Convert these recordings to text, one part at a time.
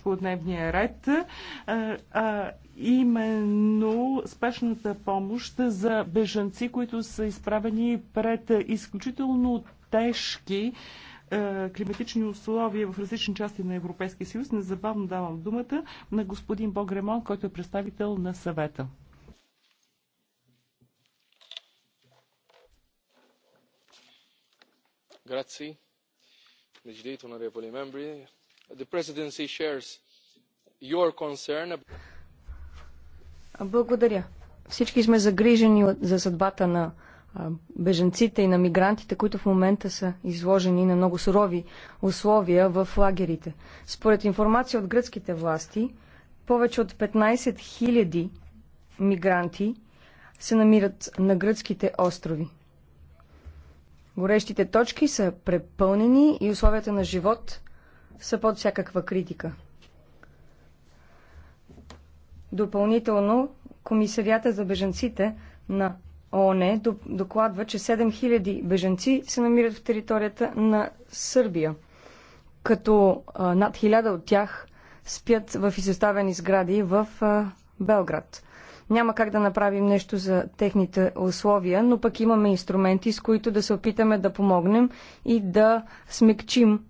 точка от дневния ред, а, именно спешната помощ за бежанци, които са изправени пред изключително тежки климатични условия в различни части на Европейския съюз. Незабавно давам думата на господин Богремон, който е представител на съвета. Grazie. Legislate, onorevoli membri, the presidency shares your concern. Благодаря. Всички сме загрижени за съдбата на беженците и на мигрантите, които в момента са изложени на много сурови условия в лагерите. Според информация от гръцките власти, повече от 15 000 мигранти се намират на гръцките острови. Горещите точки са препълнени и условията на живот са под всякаква критика. Допълнително, Комисарията за беженците на ООН докладва, че 7000 беженци се намират в територията на Сърбия, като над 1000 от тях спят в изоставени сгради в Белград. Няма как да направим нещо за техните условия, но пък имаме инструменти, с които да се опитаме да помогнем и да смекчим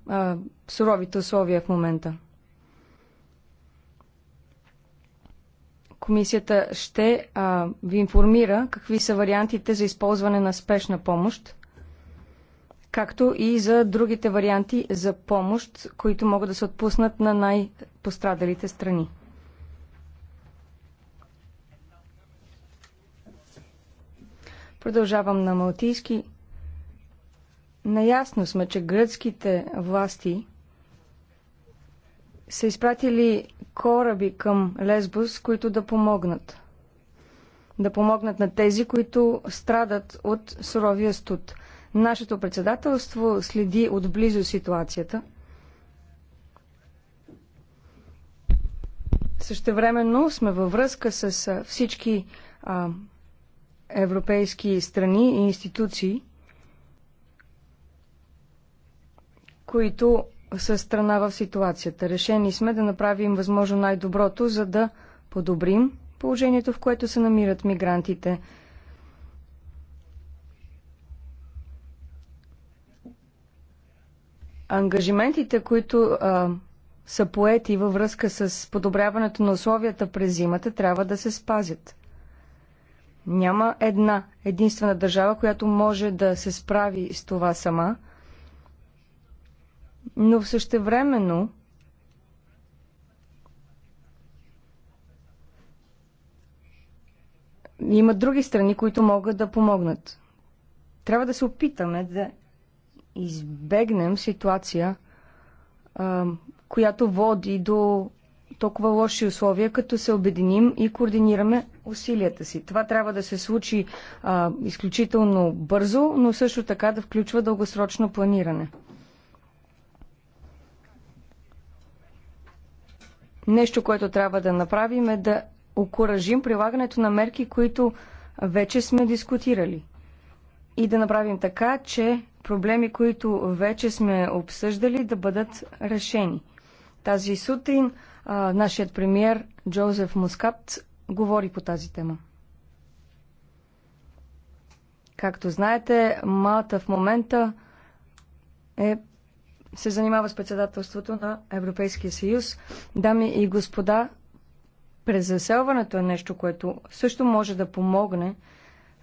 суровите условия в момента. Комисията ще а, ви информира какви са вариантите за използване на спешна помощ, както и за другите варианти за помощ, които могат да се отпуснат на най-пострадалите страни. Продължавам на малтийски. Наясно сме, че гръцките власти са изпратили кораби към Лесбос, които да помогнат. Да помогнат на тези, които страдат от суровия студ. Нашето председателство следи отблизо ситуацията. Същевременно сме във връзка с всички а, европейски страни и институции, които са страна в ситуацията. Решени сме да направим възможно най-доброто, за да подобрим положението, в което се намират мигрантите. Ангажиментите, които а, са поети във връзка с подобряването на условията през зимата, трябва да се спазят. Няма една единствена държава, която може да се справи с това сама – но в същевременно има други страни, които могат да помогнат. Трябва да се опитаме да избегнем ситуация, която води до толкова лоши условия, като се обединим и координираме усилията си. Това трябва да се случи а, изключително бързо, но също така да включва дългосрочно планиране. нещо, което трябва да направим е да окоръжим прилагането на мерки, които вече сме дискутирали. И да направим така, че проблеми, които вече сме обсъждали, да бъдат решени. Тази сутрин а, нашият премьер Джозеф Мускат говори по тази тема. Както знаете, Малта в момента е се занимава с председателството на Европейския съюз. Дами и господа, през заселването е нещо, което също може да помогне,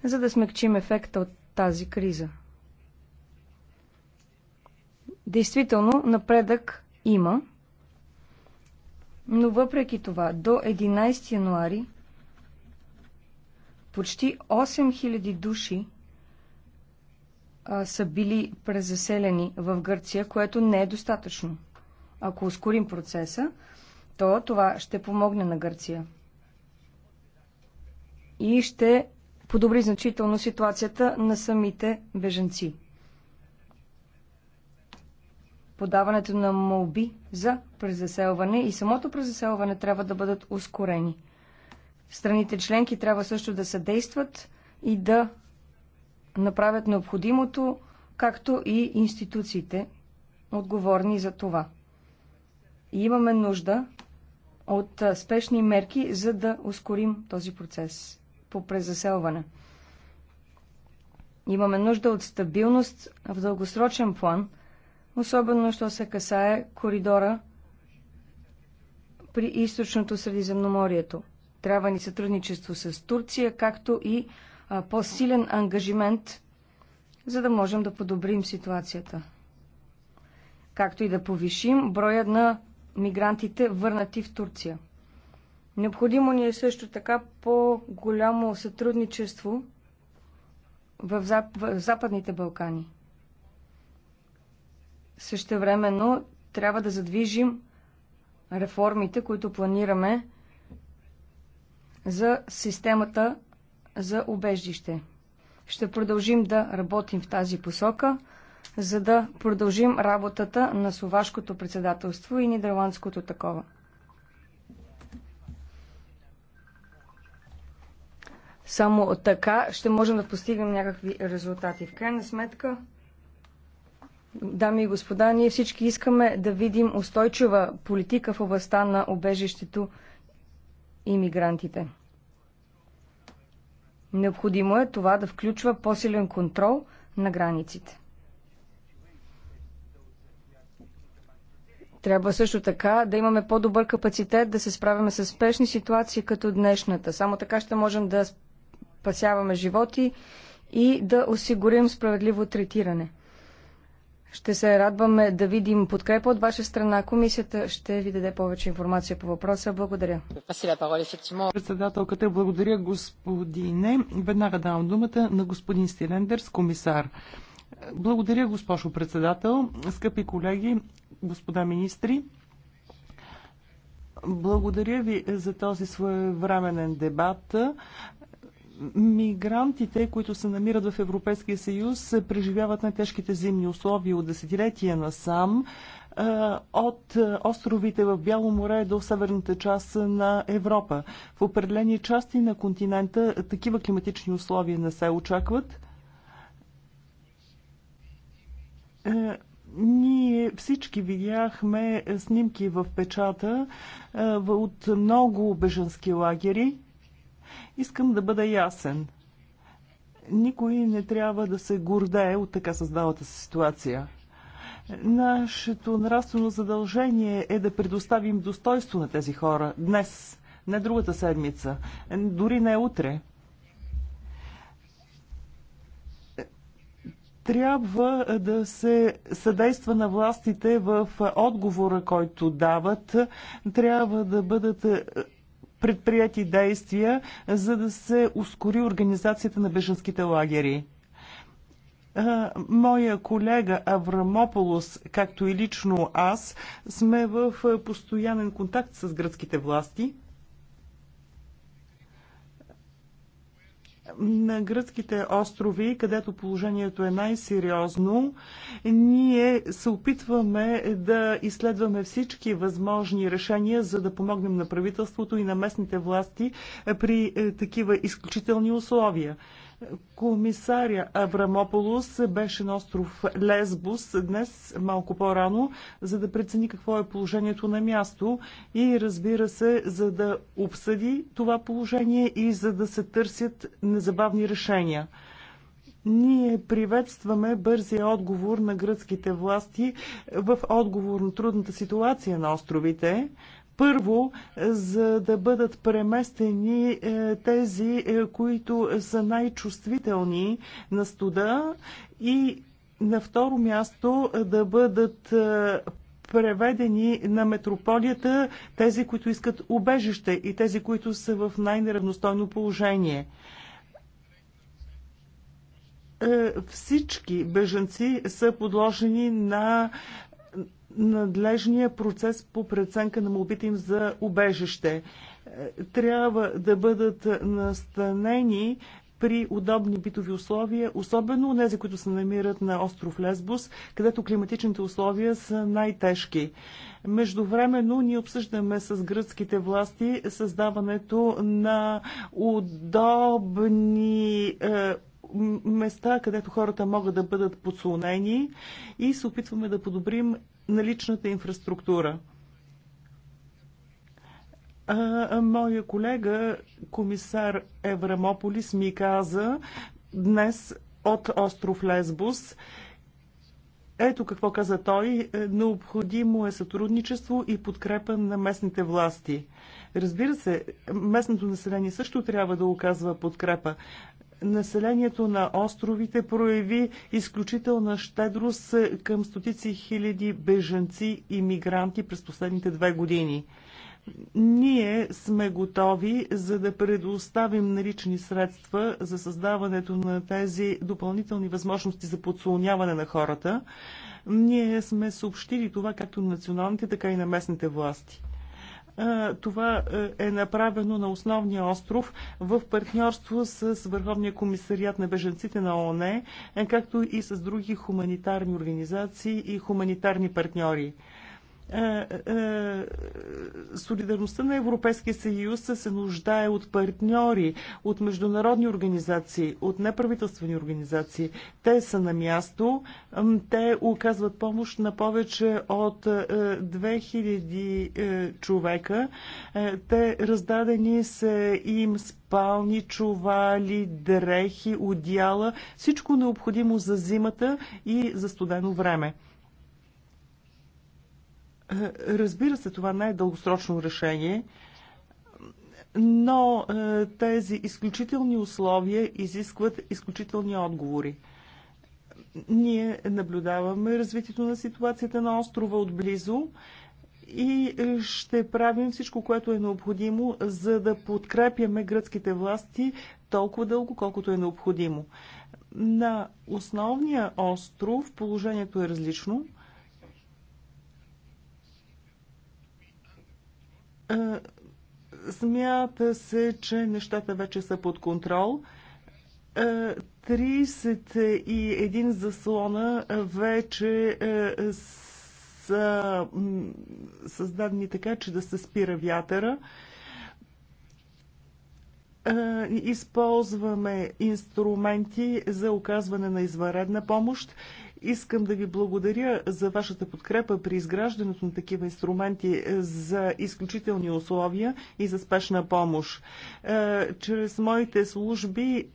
за да смекчим ефекта от тази криза. Действително, напредък има, но въпреки това, до 11 януари почти 8000 души са били презаселени в Гърция, което не е достатъчно. Ако ускорим процеса, то това ще помогне на Гърция. И ще подобри значително ситуацията на самите беженци. Подаването на молби за презаселване и самото презаселване трябва да бъдат ускорени. Страните членки трябва също да съдействат и да направят необходимото, както и институциите, отговорни за това. И имаме нужда от спешни мерки, за да ускорим този процес по презаселване. Имаме нужда от стабилност в дългосрочен план, особено що се касае коридора при източното Средиземноморието. Трябва ни сътрудничество с Турция, както и по-силен ангажимент, за да можем да подобрим ситуацията. Както и да повишим броя на мигрантите, върнати в Турция. Необходимо ни е също така по-голямо сътрудничество в, зап... в Западните Балкани. Същевременно трябва да задвижим реформите, които планираме за системата за убеждище. Ще продължим да работим в тази посока, за да продължим работата на словашкото председателство и нидерландското такова. Само така ще можем да постигнем някакви резултати. В крайна сметка, дами и господа, ние всички искаме да видим устойчива политика в областта на обежището и мигрантите. Необходимо е това да включва по-силен контрол на границите. Трябва също така да имаме по-добър капацитет да се справяме с спешни ситуации като днешната. Само така ще можем да спасяваме животи и да осигурим справедливо третиране. Ще се радваме да видим подкрепа от ваша страна. Комисията ще ви даде повече информация по въпроса. Благодаря. Председателката, благодаря господине. Веднага давам думата на господин Стилендерс, комисар. Благодаря, госпожо председател, скъпи колеги, господа министри. Благодаря ви за този своевременен дебат. Мигрантите, които се намират в Европейския съюз, преживяват най-тежките зимни условия от десетилетия насам от островите в Бяло море до северната част на Европа. В определени части на континента такива климатични условия не се очакват. Е, ние всички видяхме снимки в печата е, от много бежански лагери. Искам да бъда ясен. Никой не трябва да се гордее от така създалата се ситуация. Нашето нравствено задължение е да предоставим достойство на тези хора днес, не другата седмица, дори не утре. трябва да се съдейства на властите в отговора, който дават. Трябва да бъдат предприяти действия, за да се ускори организацията на беженските лагери. Моя колега Аврамополос, както и лично аз, сме в постоянен контакт с гръцките власти. на гръцките острови, където положението е най-сериозно, ние се опитваме да изследваме всички възможни решения, за да помогнем на правителството и на местните власти при е, такива изключителни условия. Комисаря Аврамополос беше на остров Лесбус днес малко по-рано, за да прецени какво е положението на място и разбира се, за да обсъди това положение и за да се търсят незабавни решения. Ние приветстваме бързия отговор на гръцките власти в отговор на трудната ситуация на островите. Първо, за да бъдат преместени е, тези, е, които са най-чувствителни на студа и на второ място е, да бъдат преведени на метрополията тези, които искат убежище и тези, които са в най-неравностойно положение. Всички бежанци са подложени на надлежния процес по преценка на молбите им за убежище. Е, трябва да бъдат настанени при удобни битови условия, особено тези, които се намират на остров Лесбус, където климатичните условия са най-тежки. Междувременно ние обсъждаме с гръцките власти създаването на удобни е, места, където хората могат да бъдат подслонени и се опитваме да подобрим наличната инфраструктура. А, моя колега, комисар Еврамополис, ми каза днес от остров Лесбус, ето какво каза той. Е, необходимо е сътрудничество и подкрепа на местните власти. Разбира се, местното население също трябва да оказва подкрепа населението на островите прояви изключителна щедрост към стотици хиляди бежанци и мигранти през последните две години. Ние сме готови за да предоставим налични средства за създаването на тези допълнителни възможности за подслоняване на хората. Ние сме съобщили това както на националните, така и на местните власти. Това е, е направено на основния остров в партньорство с Върховния комисариат на беженците на ООН, е, както и с други хуманитарни организации и хуманитарни партньори. Е, е, солидарността на Европейския съюз се нуждае от партньори, от международни организации, от неправителствени организации. Те са на място, те оказват помощ на повече от 2000 е, човека. Те раздадени са им спални, чували, дрехи, одяла, всичко необходимо за зимата и за студено време. Разбира се, това не е дългосрочно решение, но е, тези изключителни условия изискват изключителни отговори. Ние наблюдаваме развитието на ситуацията на острова отблизо и е, ще правим всичко, което е необходимо, за да подкрепяме гръцките власти толкова дълго, колкото е необходимо. На основния остров положението е различно. Смята се, че нещата вече са под контрол. 31 заслона вече са създадени така, че да се спира вятъра използваме инструменти за оказване на извънредна помощ. Искам да ви благодаря за вашата подкрепа при изграждането на такива инструменти за изключителни условия и за спешна помощ. Чрез моите служби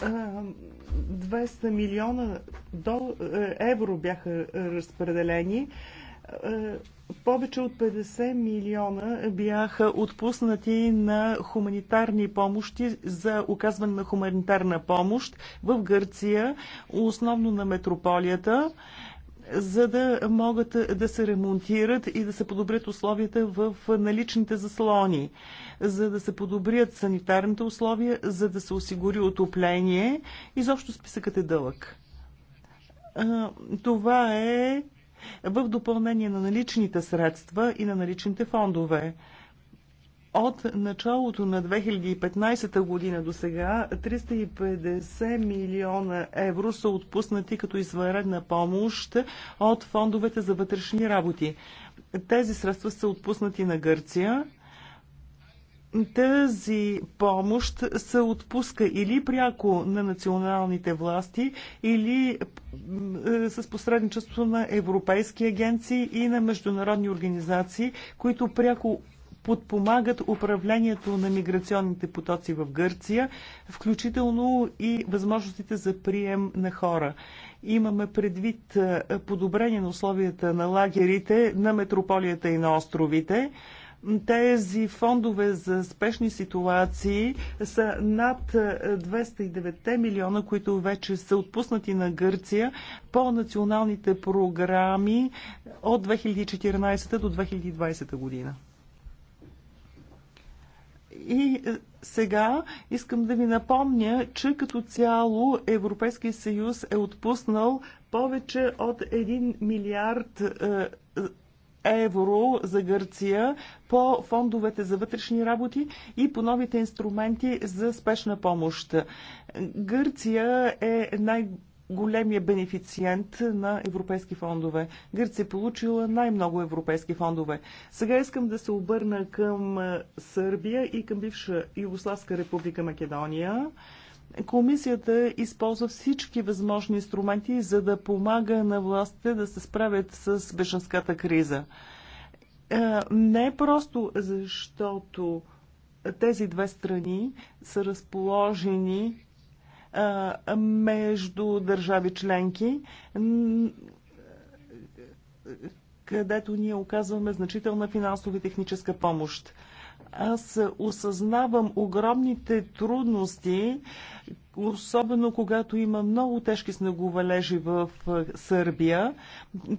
а, 200 милиона е, евро бяха разпределени. Повече от 50 милиона бяха отпуснати на хуманитарни помощи за оказване на хуманитарна помощ в Гърция, основно на метрополията, за да могат да се ремонтират и да се подобрят условията в наличните заслони, за да се подобрят санитарните условия, за да се осигури отопление. Изобщо списъкът е дълъг. Това е в допълнение на наличните средства и на наличните фондове. От началото на 2015 година до сега 350 милиона евро са отпуснати като извънредна помощ от фондовете за вътрешни работи. Тези средства са отпуснати на Гърция тази помощ се отпуска или пряко на националните власти, или е, с посредничество на европейски агенции и на международни организации, които пряко подпомагат управлението на миграционните потоци в Гърция, включително и възможностите за прием на хора. Имаме предвид е, подобрение на условията на лагерите, на метрополията и на островите. Тези фондове за спешни ситуации са над 209 е, милиона, които вече са отпуснати на Гърция по националните програми от 2014 до 2020 година. И е, сега искам да ви напомня, че като цяло Европейския съюз е отпуснал повече от 1 милиард е, евро за Гърция по фондовете за вътрешни работи и по новите инструменти за спешна помощ. Гърция е най- големия бенефициент на европейски фондове. Гърция е получила най-много европейски фондове. Сега искам да се обърна към Сърбия и към бивша Югославска република Македония. Комисията използва всички възможни инструменти, за да помага на властите да се справят с бешенската криза. Е, не просто защото тези две страни са разположени е, между държави членки, където ние оказваме значителна финансова и техническа помощ. Аз осъзнавам огромните трудности, особено когато има много тежки снеговалежи в е, Сърбия.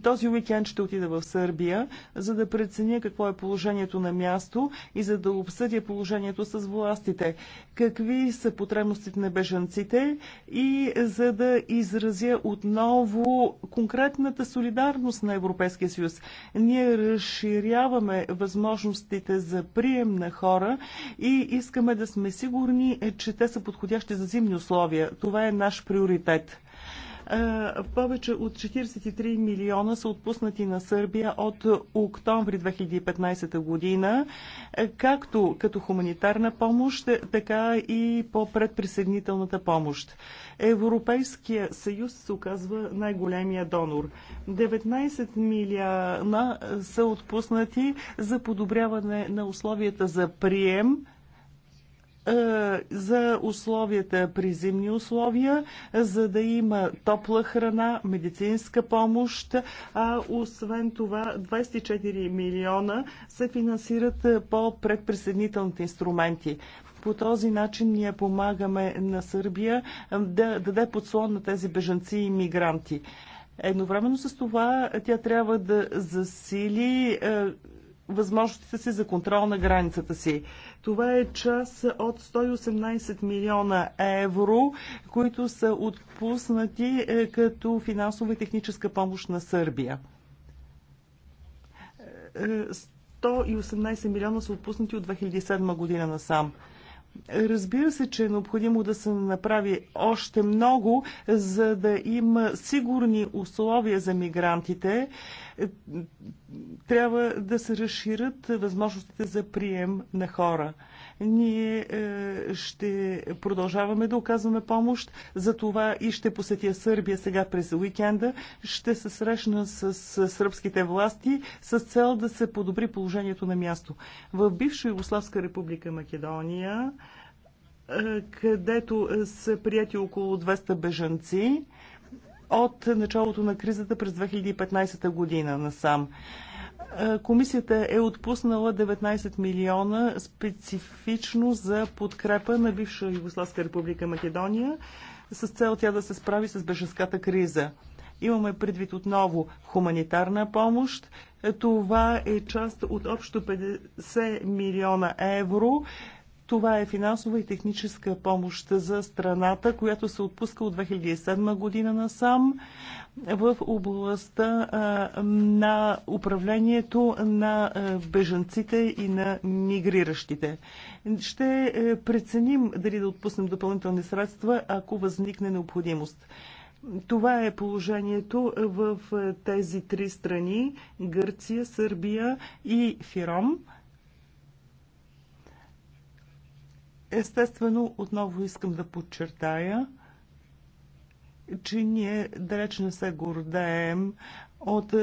Този уикенд ще отида в Сърбия, за да преценя какво е положението на място и за да обсъдя положението с властите, какви са потребностите на бежанците и за да изразя отново конкретната солидарност на Европейския съюз. Ние разширяваме възможностите за прием на хора и искаме да сме сигурни, е, че те са подходящи за зимни условия. Това е наш приоритет е, повече от 43 милиона са отпуснати на Сърбия от октомври 2015 година, е, както като хуманитарна помощ, така и по предприсъединителната помощ. Европейския съюз се оказва най-големия донор. 19 милиона са отпуснати за подобряване на условията за прием е, за условията при зимни условия, за да има топла храна, медицинска помощ, а освен това 24 милиона се финансират е, по предприсъединителните инструменти. По този начин ние помагаме на Сърбия е, да даде подслон на тези бежанци и мигранти. Едновременно с това тя трябва да засили възможностите си за контрол на границата си. Това е част от 118 милиона евро, които са отпуснати е, като финансова и техническа помощ на Сърбия. 118 е, милиона са отпуснати от 2007 година насам. Разбира се, че е необходимо да се направи още много, за да има сигурни условия за мигрантите. Е, трябва да се разширят възможностите за прием на хора. Ние е, ще продължаваме да оказваме помощ. За това и ще посетя Сърбия сега през уикенда. Ще се срещна с сръбските власти с цел да се подобри положението на място. В бивша Югославска република Македония е, където са прияти около 200 бежанци от началото на кризата през 2015 година насам. Е, комисията е отпуснала 19 милиона специфично за подкрепа на бивша Югославска република Македония с цел тя да се справи с беженската криза. Имаме предвид отново хуманитарна помощ. Е, това е част от общо 50 милиона евро това е финансова и техническа помощ за страната, която се отпуска от 2007 година насам в областта на управлението на бежанците и на мигриращите. Ще е, преценим дали да отпуснем допълнителни средства, ако възникне необходимост. Това е положението в е, тези три страни Гърция, Сърбия и Фиром. Естествено, отново искам да подчертая, че ние далеч не се гордеем от,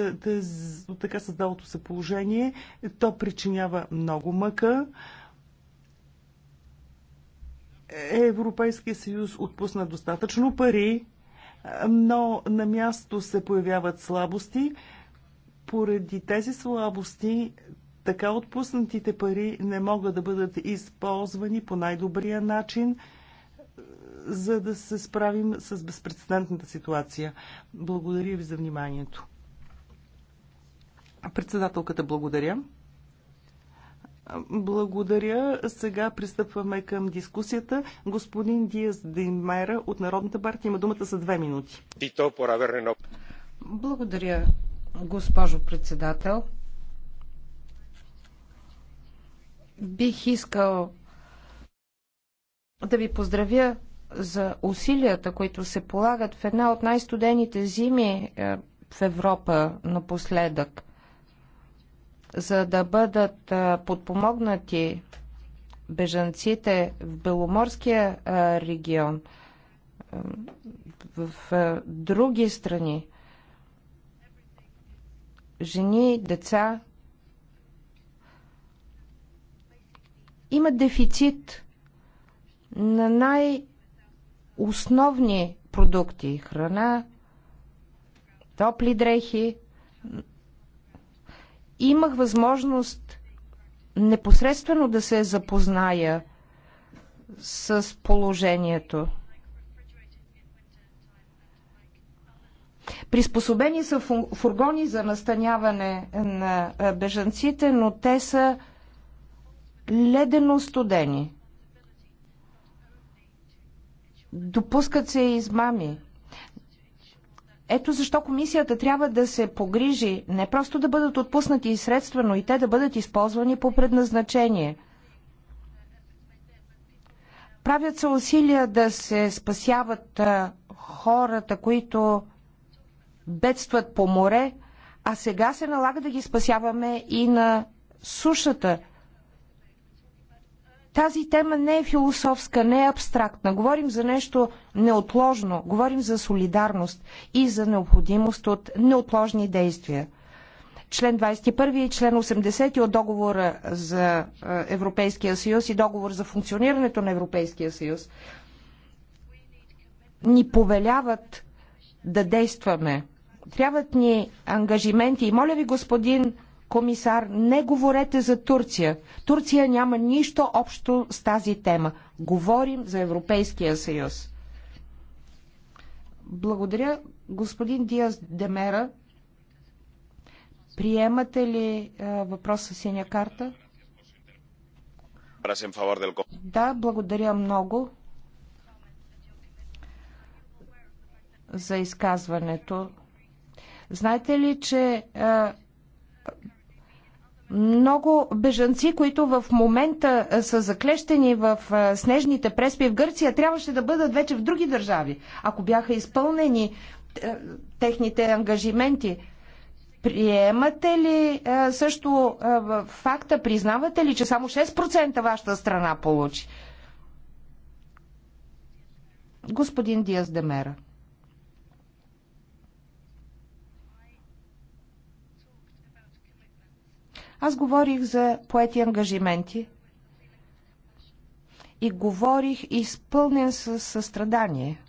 от така създалото се положение. То причинява много мъка. Европейския съюз отпусна достатъчно пари, но на място се появяват слабости. Поради тези слабости така отпуснатите пари не могат да бъдат използвани по най-добрия начин, за да се справим с безпредседентната ситуация. Благодаря ви за вниманието. Председателката благодаря. Благодаря. Сега пристъпваме към дискусията. Господин Диас Димера от Народната партия има думата за две минути. Благодаря, госпожо председател. Бих искал да ви поздравя за усилията, които се полагат в една от най-студените зими е, в Европа напоследък, за да бъдат е, подпомогнати бежанците в Беломорския е, регион, в други страни, жени, деца, има дефицит на най-основни продукти храна, топли дрехи. Имах възможност непосредствено да се запозная с положението. Приспособени са фургони за настаняване на бежанците, но те са ледено студени. Допускат се измами. Ето защо комисията трябва да се погрижи не просто да бъдат отпуснати и средства, но и те да бъдат използвани по предназначение. Правят се усилия да се спасяват хората, които бедстват по море, а сега се налага да ги спасяваме и на сушата – тази тема не е философска, не е абстрактна. Говорим за нещо неотложно, говорим за солидарност и за необходимост от неотложни действия. Член 21 и член 80 от договора за е, Европейския съюз и договор за функционирането на Европейския съюз ни повеляват да действаме. Трябват ни ангажименти. И моля ви, господин комисар, не говорете за Турция. Турция няма нищо общо с тази тема. Говорим за Европейския съюз. Благодаря, господин Диас Демера. Приемате ли а, въпроса синя карта? Да, благодаря много за изказването. Знаете ли, че много бежанци, които в момента са заклещени в снежните преспи в Гърция, трябваше да бъдат вече в други държави, ако бяха изпълнени техните ангажименти. Приемате ли също факта, признавате ли, че само 6% вашата страна получи? Господин Диас Демера. Аз говорих за поети ангажименти и говорих изпълнен с състрадание.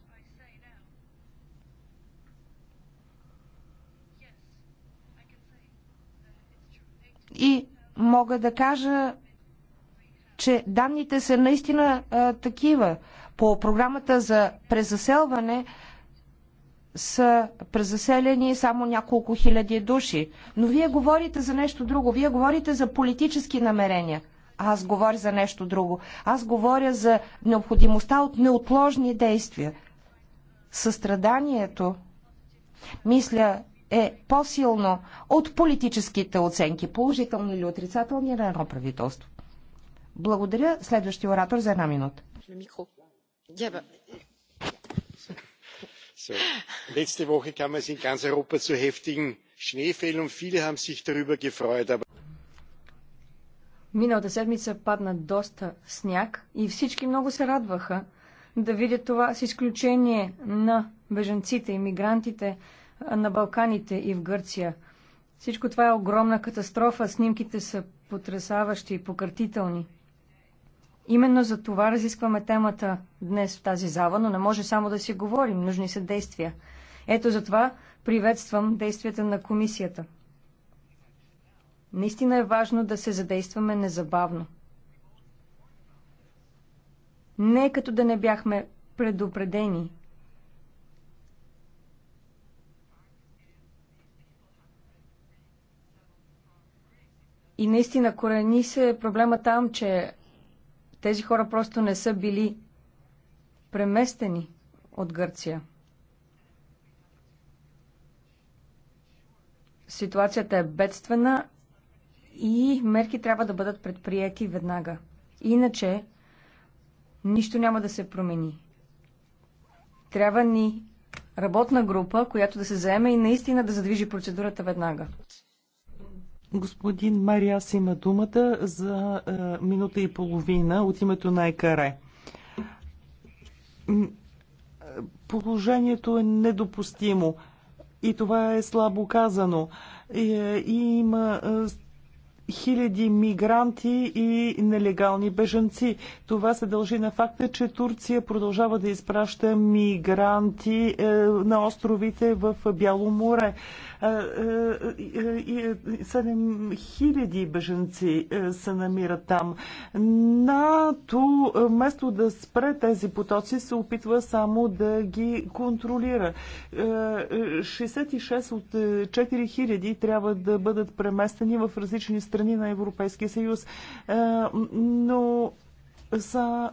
И мога да кажа, че данните са наистина а, такива. По програмата за презаселване са презаселени само няколко хиляди души. Но вие говорите за нещо друго. Вие говорите за политически намерения. Аз говоря за нещо друго. Аз говоря за необходимостта от неотложни действия. Състраданието, мисля, е по-силно от политическите оценки, положителни или отрицателни на едно правителство. Благодаря. Следващия оратор за една минута letzte woche kam es in ganz europa zu heftigen schneefällen und viele haben sich darüber gefreut. Миналата седмица падна доста сняг и всички много се радваха да видят това, с изключение на бежанците, иммигрантите на Балканите и в Гърция. Всичко това е огромна катастрофа. Снимките са потрясаващи и покъртителни. Именно за това разискваме темата днес в тази зала, но не може само да си говорим, нужни са действия. Ето за това приветствам действията на комисията. Наистина е важно да се задействаме незабавно. Не като да не бяхме предупредени. И наистина корени се проблема там, че тези хора просто не са били преместени от Гърция. Ситуацията е бедствена и мерки трябва да бъдат предприяти веднага. Иначе нищо няма да се промени. Трябва ни работна група, която да се заеме и наистина да задвижи процедурата веднага. Господин Мариас има думата за а, е, минута и половина от името на ЕКАРЕ. Положението е недопустимо и това е слабо казано. И, е, и има е, хиляди мигранти и нелегални бежанци. Това се дължи на факта, че Турция продължава да изпраща мигранти на островите в Бяло море. 7000 е, е, е, беженци се намират там. НАТО, вместо да спре тези потоци, се опитва само да ги контролира. 66 от 4000 трябва да бъдат преместени в различни страни на Европейския съюз. Но са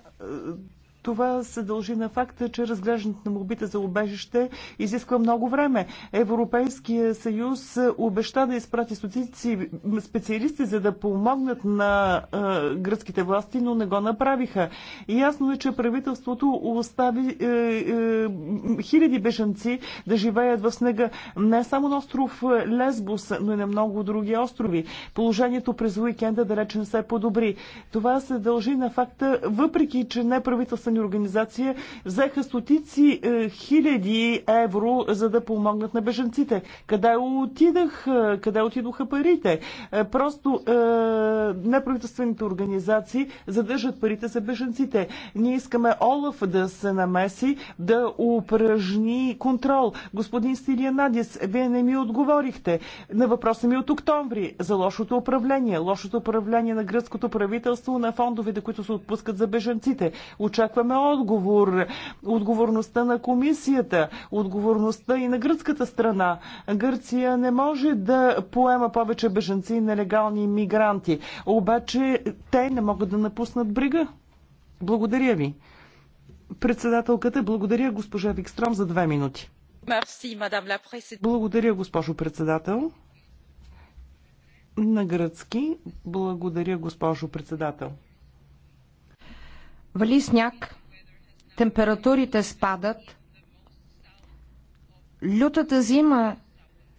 това се дължи на факта, че разглеждането на мобите за убежище изисква много време. Европейския съюз обеща да изпрати стотици специалисти, за да помогнат на е, гръцките власти, но не го направиха. И ясно е, че правителството остави е, е, хиляди бежанци да живеят в снега не само на остров Лесбус, но и на много други острови. Положението през уикенда, да речем, се подобри. Това се дължи на факта, въпреки, че неправителството неправителствена организации взеха стотици е, хиляди евро, за да помогнат на беженците. Къде отидах? Е, къде отидоха парите? Е, просто е, неправителствените организации задържат парите за беженците. Ние искаме Олаф да се намеси, да упражни контрол. Господин Надис, вие не ми отговорихте на въпроса ми от октомври за лошото управление. Лошото управление на гръцкото правителство на фондовете, които се отпускат за беженците. Очаква очакваме отговор. Отговорността на комисията, отговорността и на гръцката страна. Гърция не може да поема повече беженци и нелегални мигранти. Обаче те не могат да напуснат брига. Благодаря ви. Председателката, благодаря госпожа Викстром за две минути. Благодаря, госпожо председател. На гръцки, благодаря, госпожо председател. Вали сняг, температурите спадат. Лютата зима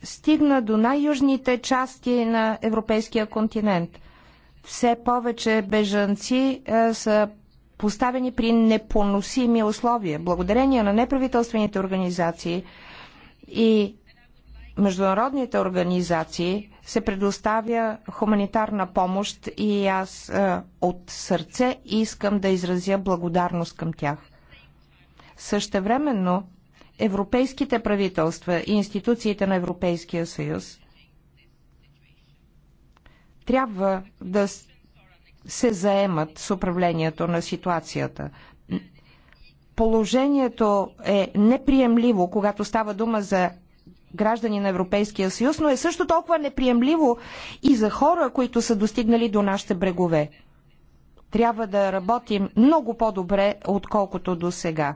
стигна до най-южните части на европейския континент. Все повече бежанци е, са поставени при непоносими условия. Благодарение на неправителствените организации и международните организации, се предоставя хуманитарна помощ и аз а, е, от сърце искам да изразя благодарност към тях. Същевременно, европейските правителства и институциите на Европейския съюз трябва да се заемат с управлението на ситуацията. Положението е неприемливо, когато става дума за граждани на Европейския съюз, но е също толкова неприемливо и за хора, които са достигнали до нашите брегове. Трябва да работим много по-добре, отколкото до сега.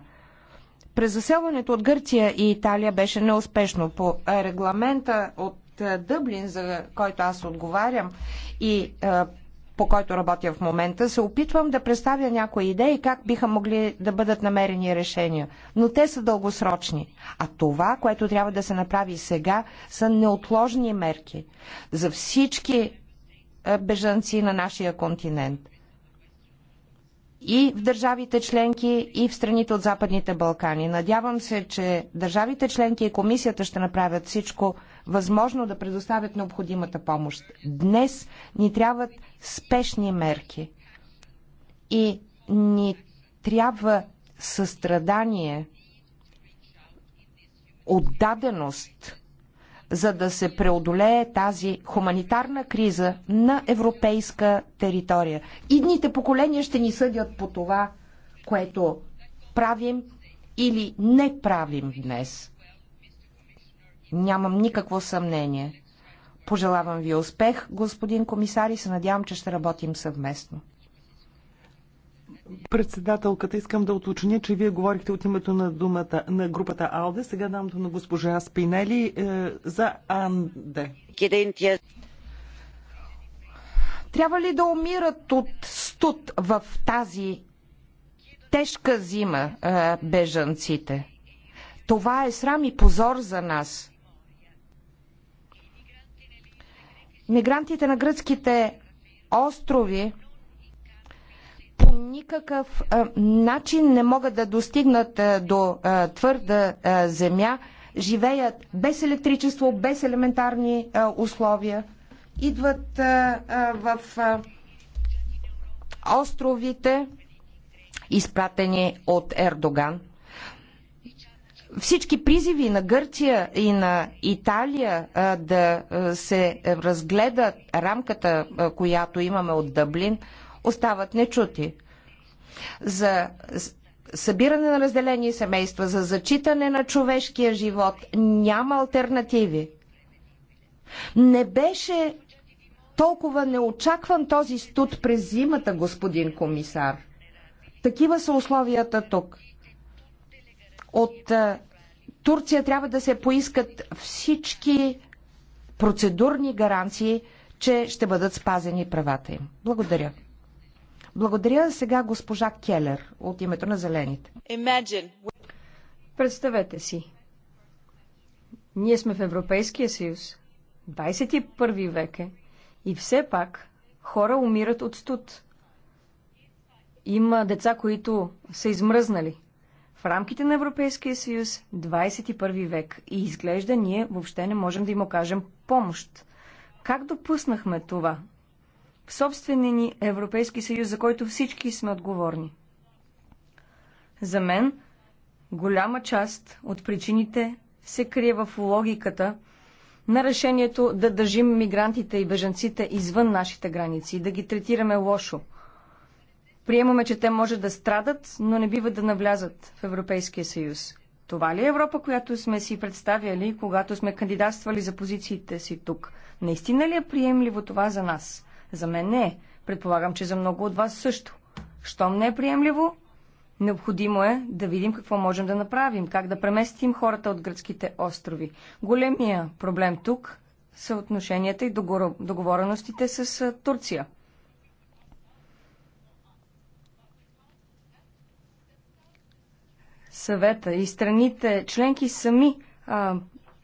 През заселването от Гърция и Италия беше неуспешно. По регламента от е, Дъблин, за който аз отговарям, и е, по който работя в момента, се опитвам да представя някои идеи как биха могли да бъдат намерени решения. Но те са дългосрочни. А това, което трябва да се направи сега, са неотложни мерки за всички е, бежанци на нашия континент. И в държавите членки, и в страните от Западните Балкани. Надявам се, че държавите членки и комисията ще направят всичко възможно да предоставят необходимата помощ. Днес ни трябват спешни мерки и ни трябва състрадание, отдаденост, за да се преодолее тази хуманитарна криза на европейска територия. Идните поколения ще ни съдят по това, което правим или не правим днес. Нямам никакво съмнение. Пожелавам ви успех, господин комисар, и се надявам, че ще работим съвместно. Председателката, искам да уточня, че вие говорихте от името на думата на групата АЛДЕ. Сега дам на госпожа Спинели е, за АНДЕ. Трябва ли да умират от студ в тази тежка зима е, бежанците? Това е срам и позор за нас. Мигрантите на гръцките острови по никакъв начин не могат да достигнат до твърда земя, живеят без електричество, без елементарни условия, идват в островите, изпратени от Ердоган. Всички призиви на Гърция и на Италия да се разгледа рамката, която имаме от Дъблин, остават нечути. За събиране на разделени семейства, за зачитане на човешкия живот няма альтернативи. Не беше толкова неочакван този студ през зимата, господин комисар. Такива са условията тук. От е, Турция трябва да се поискат всички процедурни гаранции, че ще бъдат спазени правата им. Благодаря. Благодаря сега госпожа Келер от името на Зелените. Представете си. Ние сме в Европейския съюз. 21 век е. И все пак хора умират от студ. Има деца, които са измръзнали в рамките на Европейския съюз, 21 век. И изглежда ние въобще не можем да им окажем помощ. Как допуснахме това? В собствения ни Европейски съюз, за който всички сме отговорни. За мен голяма част от причините се крие в логиката на решението да държим мигрантите и бежанците извън нашите граници и да ги третираме лошо – Приемаме, че те може да страдат, но не бива да навлязат в Европейския съюз. Това ли е Европа, която сме си представяли, когато сме кандидатствали за позициите си тук? Наистина ли е приемливо това за нас? За мен не е. Предполагам, че за много от вас също. Щом не е приемливо, необходимо е да видим какво можем да направим, как да преместим хората от гръцките острови. Големия проблем тук са отношенията и договореностите с Турция – съвета и страните членки сами а,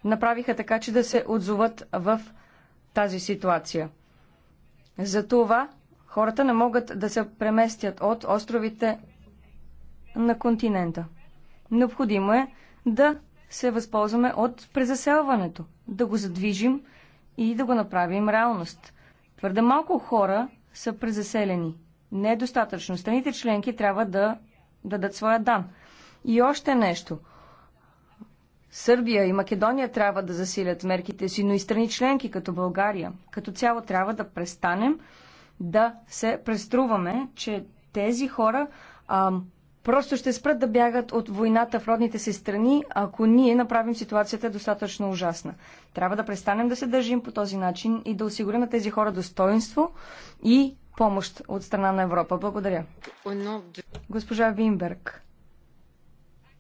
направиха така, че да се отзоват в тази ситуация. Затова хората не могат да се преместят от островите на континента. Необходимо е да се възползваме от презаселването, да го задвижим и да го направим реалност. Твърде малко хора са презаселени. Не е достатъчно. Страните членки трябва да дадат своя дан – и още нещо. Сърбия и Македония трябва да засилят мерките си, но и страни членки като България. Като цяло трябва да престанем да се преструваме, че тези хора а, просто ще спрат да бягат от войната в родните си страни, ако ние направим ситуацията достатъчно ужасна. Трябва да престанем да се държим по този начин и да осигурим на тези хора достоинство и помощ от страна на Европа. Благодаря. Госпожа Вимберг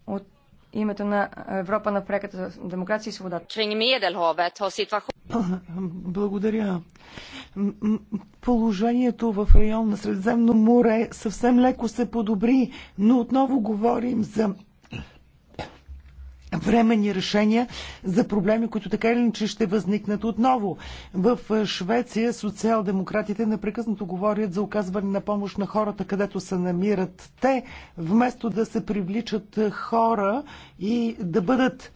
от името на Европа на преката демокрация и свобода. Благодаря. Положението в район на Средиземно море съвсем леко се подобри, но отново говорим за временни решения за проблеми, които така или иначе ще възникнат отново. В е, Швеция социал-демократите непрекъснато говорят за оказване на помощ на хората, където се намират те, вместо да се привличат е, хора и да бъдат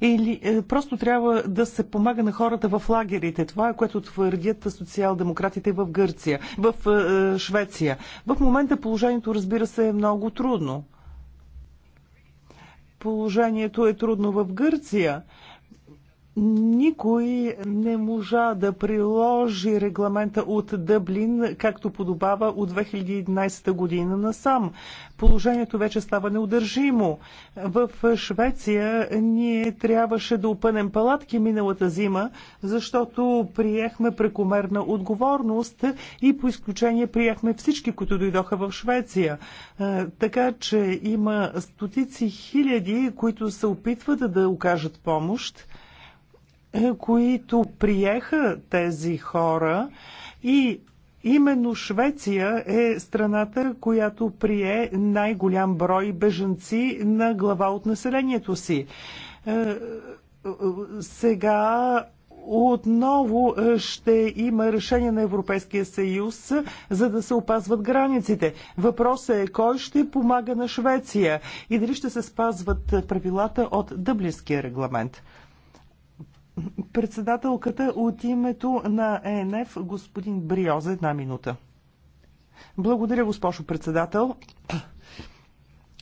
или е, просто трябва да се помага на хората в лагерите. Това е което твърдят социал-демократите в Гърция, в е, е Швеция. В момента положението, разбира се, е много трудно. Положението е трудно в Гърция. Никой не можа да приложи регламента от Дъблин, както подобава от 2011 година насам. Положението вече става неудържимо. В Швеция ние трябваше да опънем палатки миналата зима, защото приехме прекомерна отговорност и по изключение приехме всички, които дойдоха в Швеция. Е, така че има стотици хиляди, които се опитват да окажат помощ които приеха тези хора и Именно Швеция е страната, която прие най-голям брой бежанци на глава от населението си. Е, сега отново е, ще има решение на Европейския съюз, за да се опазват границите. Въпросът е кой ще помага на Швеция и дали ще се спазват правилата от Дъблинския регламент. Председателката от името на ЕНФ, господин Бриоза, една минута. Благодаря, госпожо председател.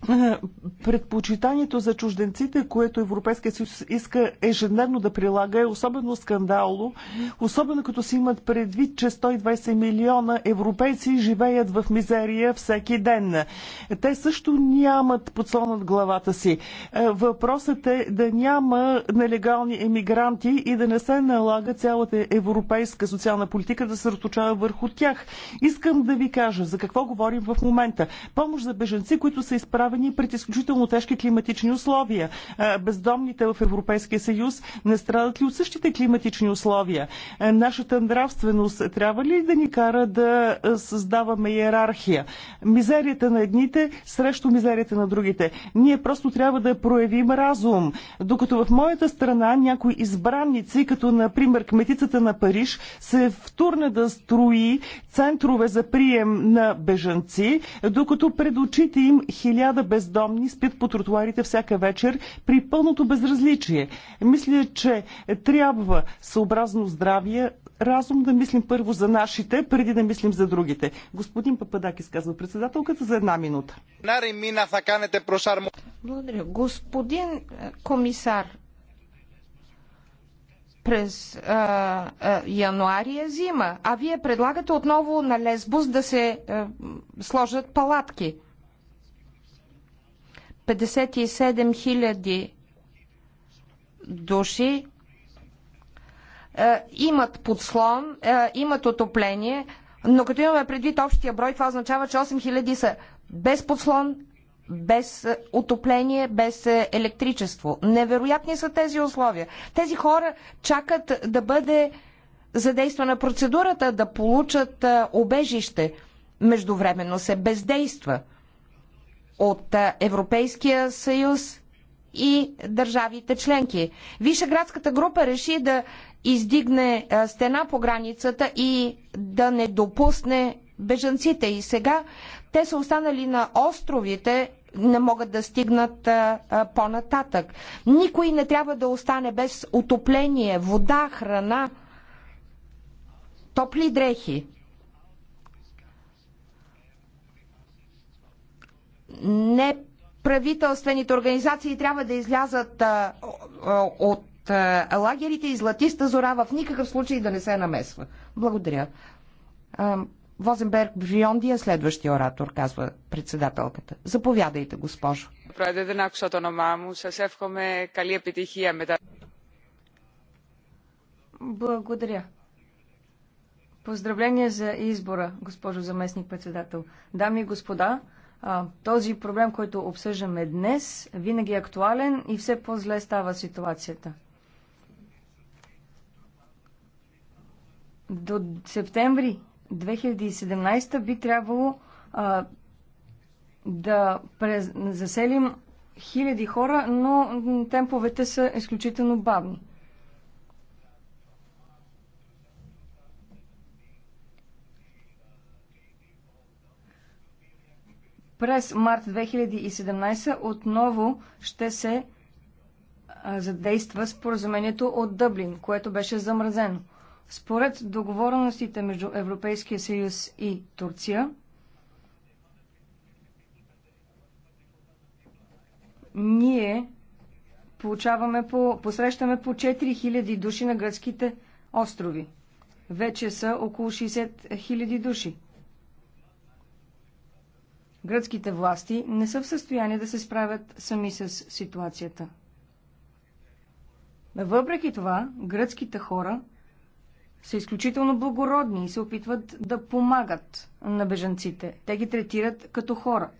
Е, предпочитанието за чужденците, което Европейския съюз иска ежедневно да прилага, е особено скандално, особено като си имат предвид, че 120 милиона европейци живеят в мизерия всеки ден. Те също нямат подслон главата си. Е, въпросът е да няма нелегални емигранти и да не се налага цялата европейска социална политика да се разточава върху тях. Искам да ви кажа за какво говорим в момента. Помощ за беженци, които са изправени изправени пред изключително тежки климатични условия. Бездомните в Европейския съюз не страдат ли от същите климатични условия? Нашата нравственост трябва ли да ни кара да създаваме иерархия? Мизерията на едните срещу мизерията на другите. Ние просто трябва да проявим разум. Докато в моята страна някои избранници, като например кметицата на Париж, се втурна да строи центрове за прием на бежанци, докато пред очите им хиляда хиляда бездомни спят по тротуарите всяка вечер при пълното безразличие. Мисля, че трябва съобразно здравия разум да мислим първо за нашите, преди да мислим за другите. Господин Пападак изказва председателката за една минута. Благодаря. Господин е, комисар, през а, а, януари е зима, а вие предлагате отново на Лесбус да се а, е, сложат палатки. 57 000 души е, имат подслон, е, имат отопление, но като имаме предвид общия брой, това означава, че 8 000 са без подслон, без е, отопление, без електричество. Невероятни са тези условия. Тези хора чакат да бъде задействана процедурата, да получат обежище. Междувременно се бездейства от Европейския съюз и държавите членки. Вишеградската група реши да издигне стена по границата и да не допусне бежанците. И сега те са останали на островите, не могат да стигнат по-нататък. Никой не трябва да остане без отопление, вода, храна, топли дрехи. неправителствените организации трябва да излязат а, от а, лагерите и златиста зора в никакъв случай да не се намесва. Благодаря. А, Возенберг Брионди е следващия оратор, казва председателката. Заповядайте, госпожо. Проведе δεν άκουσα το όνομά Благодаря. Поздравления за избора, госпожо заместник-председател. Дами и господа, този проблем, който обсъждаме днес, винаги е актуален и все по-зле става ситуацията. До септември 2017 би трябвало а, да през... заселим хиляди хора, но темповете са изключително бавни. през март 2017 отново ще се задейства споразумението от Дъблин, което беше замразено. Според договореностите между Европейския съюз и Турция, ние получаваме по, посрещаме по 4000 души на гръцките острови. Вече са около 60 000 души. Гръцките власти не са в състояние да се справят сами с ситуацията. Въпреки това, гръцките хора са изключително благородни и се опитват да помагат на бежанците. Те ги третират като хора.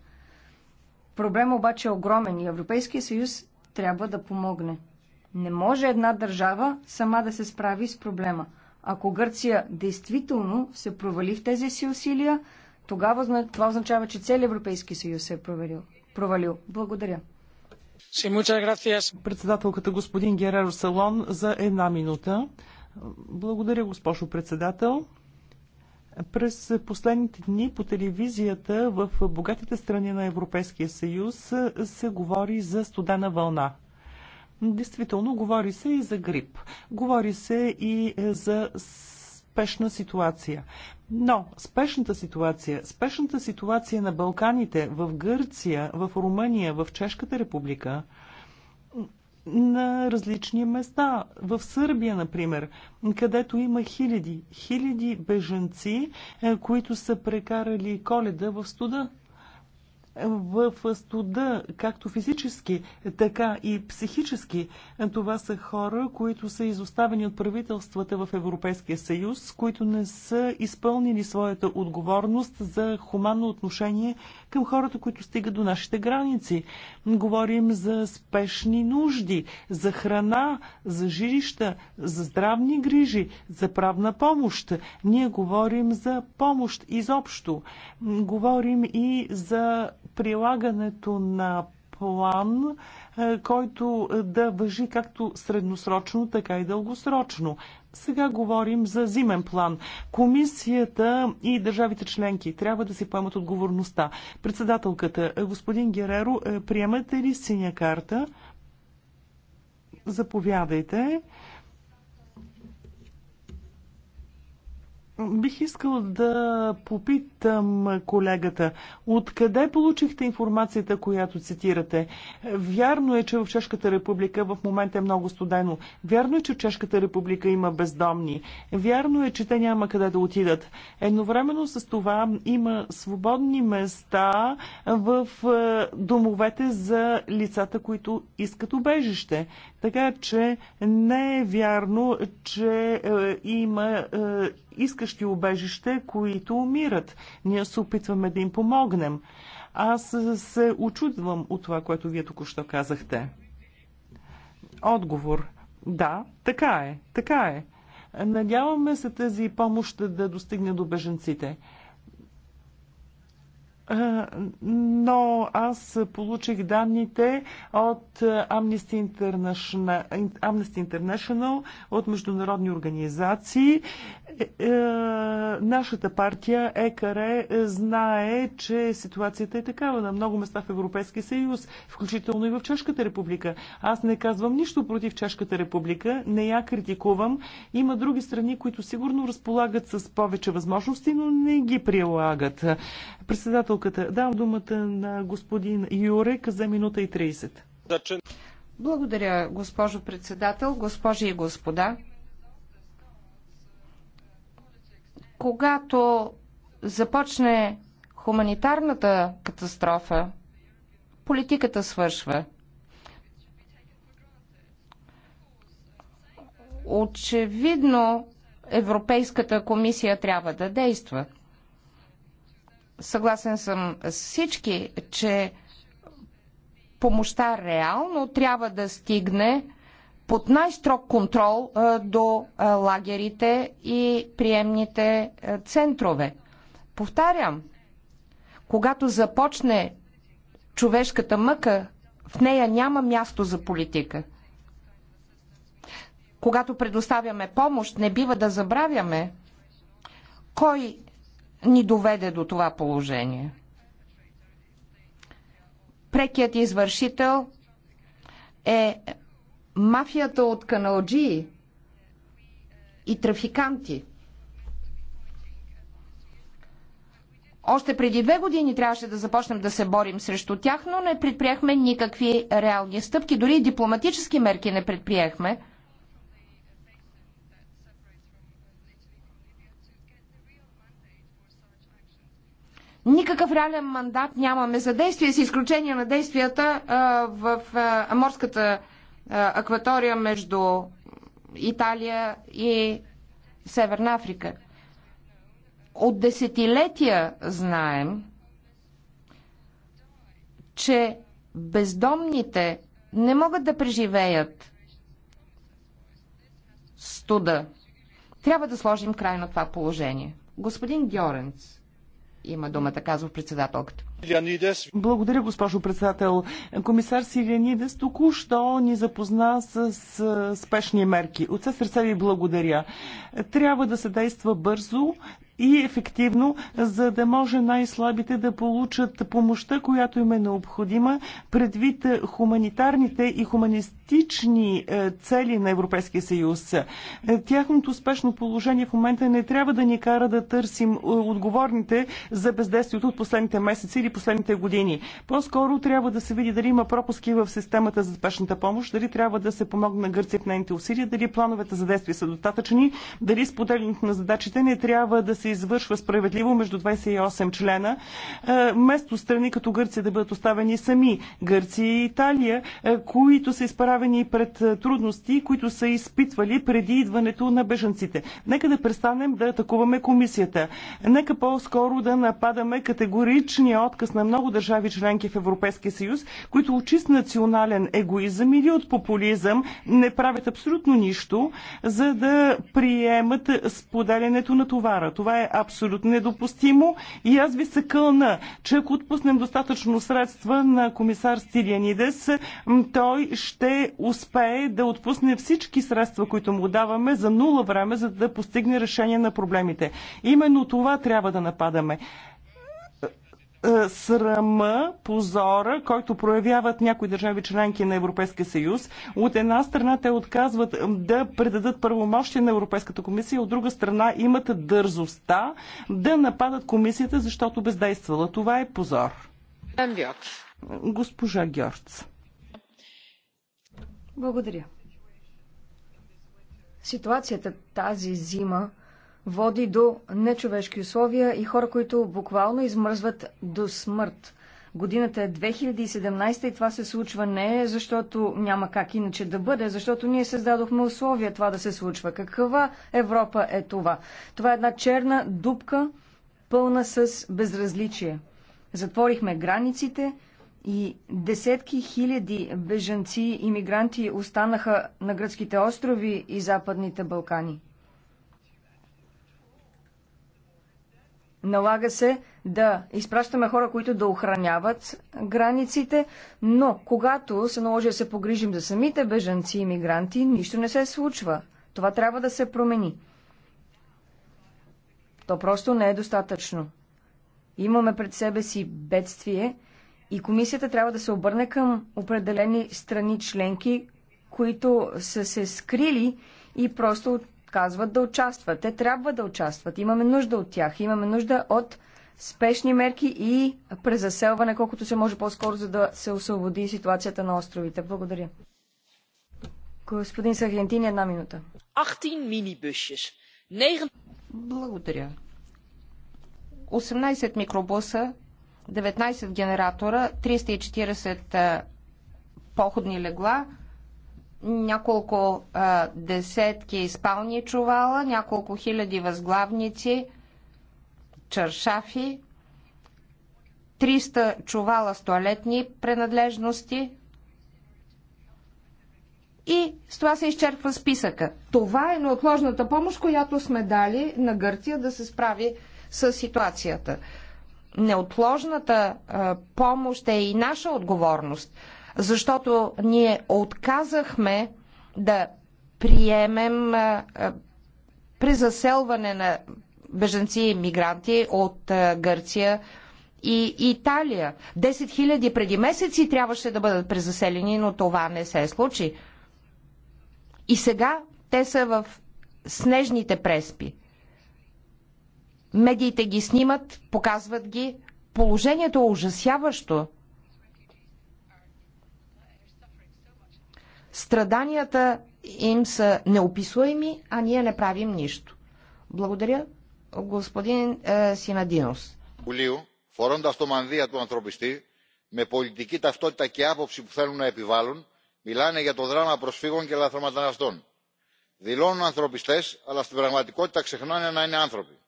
Проблемът обаче е огромен и Европейския съюз трябва да помогне. Не може една държава сама да се справи с проблема. Ако Гърция действително се провали в тези си усилия, тогава това означава, че целият Европейски съюз се е провалил. провалил. Благодаря. Председателката господин Гереро Салон за една минута. Благодаря, госпожо председател. През последните дни по телевизията в богатите страни на Европейския съюз се говори за студена вълна. Действително, говори се и за грип. Говори се и за спешна ситуация. Но спешната ситуация, спешната ситуация на Балканите, в Гърция, в Румъния, в Чешката република, на различни места. В Сърбия, например, където има хиляди, хиляди беженци, е, които са прекарали коледа в студа в студа, както физически, така и психически. Това са хора, които са изоставени от правителствата в Европейския съюз, които не са изпълнили своята отговорност за хуманно отношение към хората, които стигат до нашите граници. Говорим за спешни нужди, за храна, за жилища, за здравни грижи, за правна помощ. Ние говорим за помощ изобщо. Говорим и за прилагането на план, е, който да въжи както средносрочно, така и дългосрочно. Сега говорим за зимен план. Комисията и държавите членки трябва да си поемат отговорността. Председателката, е, господин Гереро, е, приемате ли синя карта? Заповядайте. Бих искал да попитам колегата, откъде получихте информацията, която цитирате? Вярно е, че в Чешката република в момента е много студено. Вярно е, че в Чешката република има бездомни. Вярно е, че те няма къде да отидат. Едновременно с това има свободни места в е, домовете за лицата, които искат убежище. Така че не е вярно, че е, има е, искащи убежище, които умират. Ние се опитваме да им помогнем. Аз се очудвам от това, което вие току-що казахте. Отговор. Да, така е, така е. Надяваме се тази помощ да достигне до беженците но аз получих данните от Amnesty International, Amnesty International от международни организации. Е, е, нашата партия ЕКАРЕ знае, че ситуацията е такава на много места в Европейския съюз, включително и в Чешката република. Аз не казвам нищо против Чешката република, не я критикувам. Има други страни, които сигурно разполагат с повече възможности, но не ги прилагат. Председател науката. Дам думата на господин Юрек за минута и 30. Благодаря, госпожо председател, госпожи и господа. Когато започне хуманитарната катастрофа, политиката свършва. Очевидно, Европейската комисия трябва да действа – съгласен съм с всички, че помощта реално трябва да стигне под най-строг контрол до лагерите и приемните центрове. Повтарям, когато започне човешката мъка, в нея няма място за политика. Когато предоставяме помощ, не бива да забравяме кой ни доведе до това положение. Прекият извършител е мафията от каналджии и трафиканти. Още преди две години трябваше да започнем да се борим срещу тях, но не предприехме никакви реални стъпки, дори дипломатически мерки не предприехме – Никакъв реален мандат нямаме за действие, с изключение на действията в морската акватория между Италия и Северна Африка. От десетилетия знаем, че бездомните не могат да преживеят студа. Трябва да сложим край на това положение. Господин Гьоренц има думата, казва председателката. Благодаря, госпожо председател. Комисар Сиренидес току-що ни запозна с, спешни мерки. От се сърце ви благодаря. Трябва да се действа бързо, и ефективно, за да може най-слабите да получат помощта, която им е необходима предвид хуманитарните и хуманистични е, цели на Европейския съюз. Е, тяхното успешно положение в момента не трябва да ни кара да търсим е, отговорните за бездействието от последните месеци или последните години. По-скоро трябва да се види дали има пропуски в системата за спешната помощ, дали трябва да се помогне на Гърция в нейните усилия, дали плановете за действие са достатъчни, дали споделянето на задачите не трябва да се извършва справедливо между 28 члена, е, вместо страни като Гърция да бъдат оставени сами. Гърция и Италия, е, които са изправени пред е, трудности, които са изпитвали преди идването на бежанците. Нека да престанем да атакуваме комисията. Нека по-скоро да нападаме категоричния отказ на много държави членки в Европейския съюз, които от чист национален егоизъм или от популизъм не правят абсолютно нищо, за да приемат споделянето на товара. Това това е абсолютно недопустимо и аз ви се кълна, че ако отпуснем достатъчно средства на комисар Стилианидес, той ще успее да отпусне всички средства, които му даваме за нула време, за да постигне решение на проблемите. Именно това трябва да нападаме. Е, срама, позора, който проявяват някои държави членки на Европейския съюз. От една страна те отказват да предадат правомощие на Европейската комисия, от друга страна имат дързостта да нападат комисията, защото бездействала. Това е позор. Госпожа Георц. Благодаря. Ситуацията тази зима води до нечовешки условия и хора, които буквално измръзват до смърт. Годината е 2017 и това се случва не защото няма как иначе да бъде, защото ние създадохме условия това да се случва. Каква Европа е това? Това е една черна дупка, пълна с безразличие. Затворихме границите и десетки хиляди бежанци и мигранти останаха на гръцките острови и Западните Балкани. Налага се да изпращаме хора, които да охраняват границите, но когато се наложи да се погрижим за самите бежанци и мигранти, нищо не се случва. Това трябва да се промени. То просто не е достатъчно. Имаме пред себе си бедствие и комисията трябва да се обърне към определени страни членки, които са се скрили и просто Казват да участват. Те трябва да участват. Имаме нужда от тях. Имаме нужда от спешни мерки и презаселване, колкото се може по-скоро, за да се освободи ситуацията на островите. Благодаря. Господин Сахентин, една минута. 18 минибусjes. 9... Благодаря. 18 микробуса, 19 генератора, 340 походни легла, няколко а, десетки изпални чувала, няколко хиляди възглавници, чаршафи, 300 чувала с туалетни принадлежности. И с това се изчерпва списъка. Това е неотложната помощ, която сме дали на Гърция да се справи с ситуацията. Неотложната а, помощ е и наша отговорност защото ние отказахме да приемем при заселване на беженци и мигранти от Гърция и Италия. 10 000 преди месеци трябваше да бъдат презаселени, но това не се е случи. И сега те са в снежните преспи. Медиите ги снимат, показват ги. Положението е ужасяващо. Страданията им са неописуеми, а ние не правим нищо. Благодаря, господин е, Синадинос. Улио, φορώντας το μανδύα του ανθρωπιστή, με πολιτική ταυτότητα και άποψη που θέλουν να επιβάλλουν, μιλάνε για το δράμα προσφύγων και λαθρομεταναστών. Δηλώνουν ανθρωπιστέ, αλλά στην πραγματικότητα ξεχνάνε να είναι άνθρωποι.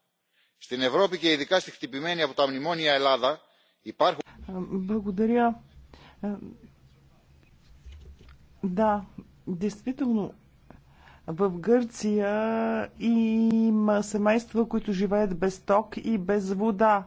Στην Ευρώπη και ειδικά στη χτυπημένη από τα μνημόνια Ελλάδα υπάρχουν... Благодаря. Да, действително в Гърция има семейства, които живеят без ток и без вода.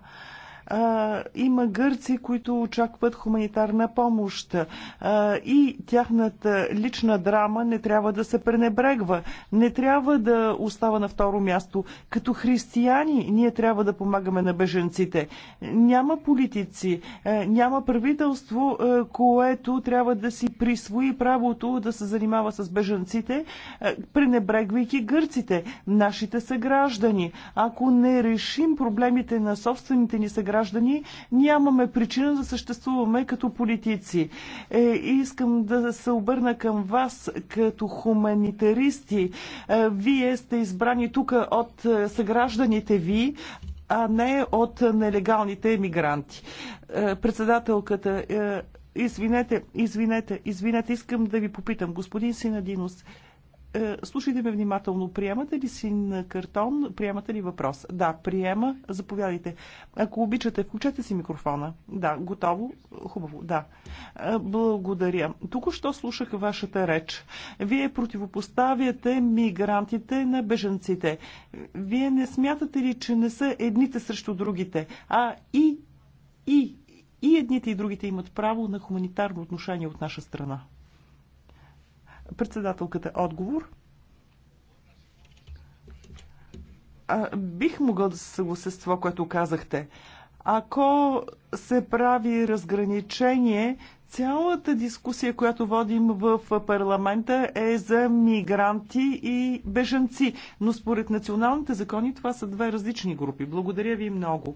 А, има гърци, които очакват хуманитарна помощ. А, и тяхната лична драма не трябва да се пренебрегва. Не трябва да остава на второ място. Като християни ние трябва да помагаме на беженците. Няма политици, няма правителство, което трябва да си присвои правото да се занимава с беженците, пренебрегвайки гърците, нашите са граждани. Ако не решим проблемите на собствените ни съграждани, граждани, нямаме причина да съществуваме като политици. Е, искам да се обърна към вас като хуманитаристи. Е, вие сте избрани тук от е, съгражданите ви, а не от нелегалните емигранти. Е, председателката. Е, Извинете, извинете, извинете, искам да ви попитам, господин Синадинос, е, слушайте ме внимателно. Приемате ли си на картон? Приемате ли въпрос? Да, приема. Заповядайте. Ако обичате, включете си микрофона. Да, готово. Хубаво, да. Е, благодаря. Току-що слушах вашата реч. Вие противопоставяте мигрантите на беженците. Вие не смятате ли, че не са едните срещу другите, а и, и, и едните и другите имат право на хуманитарно отношение от наша страна? Председателката отговор. А, бих могъл да се съглася с това, което казахте. Ако се прави разграничение Цялата дискусия, която водим в парламента е за мигранти и бежанци, но според националните закони това са две различни групи. Благодаря ви много.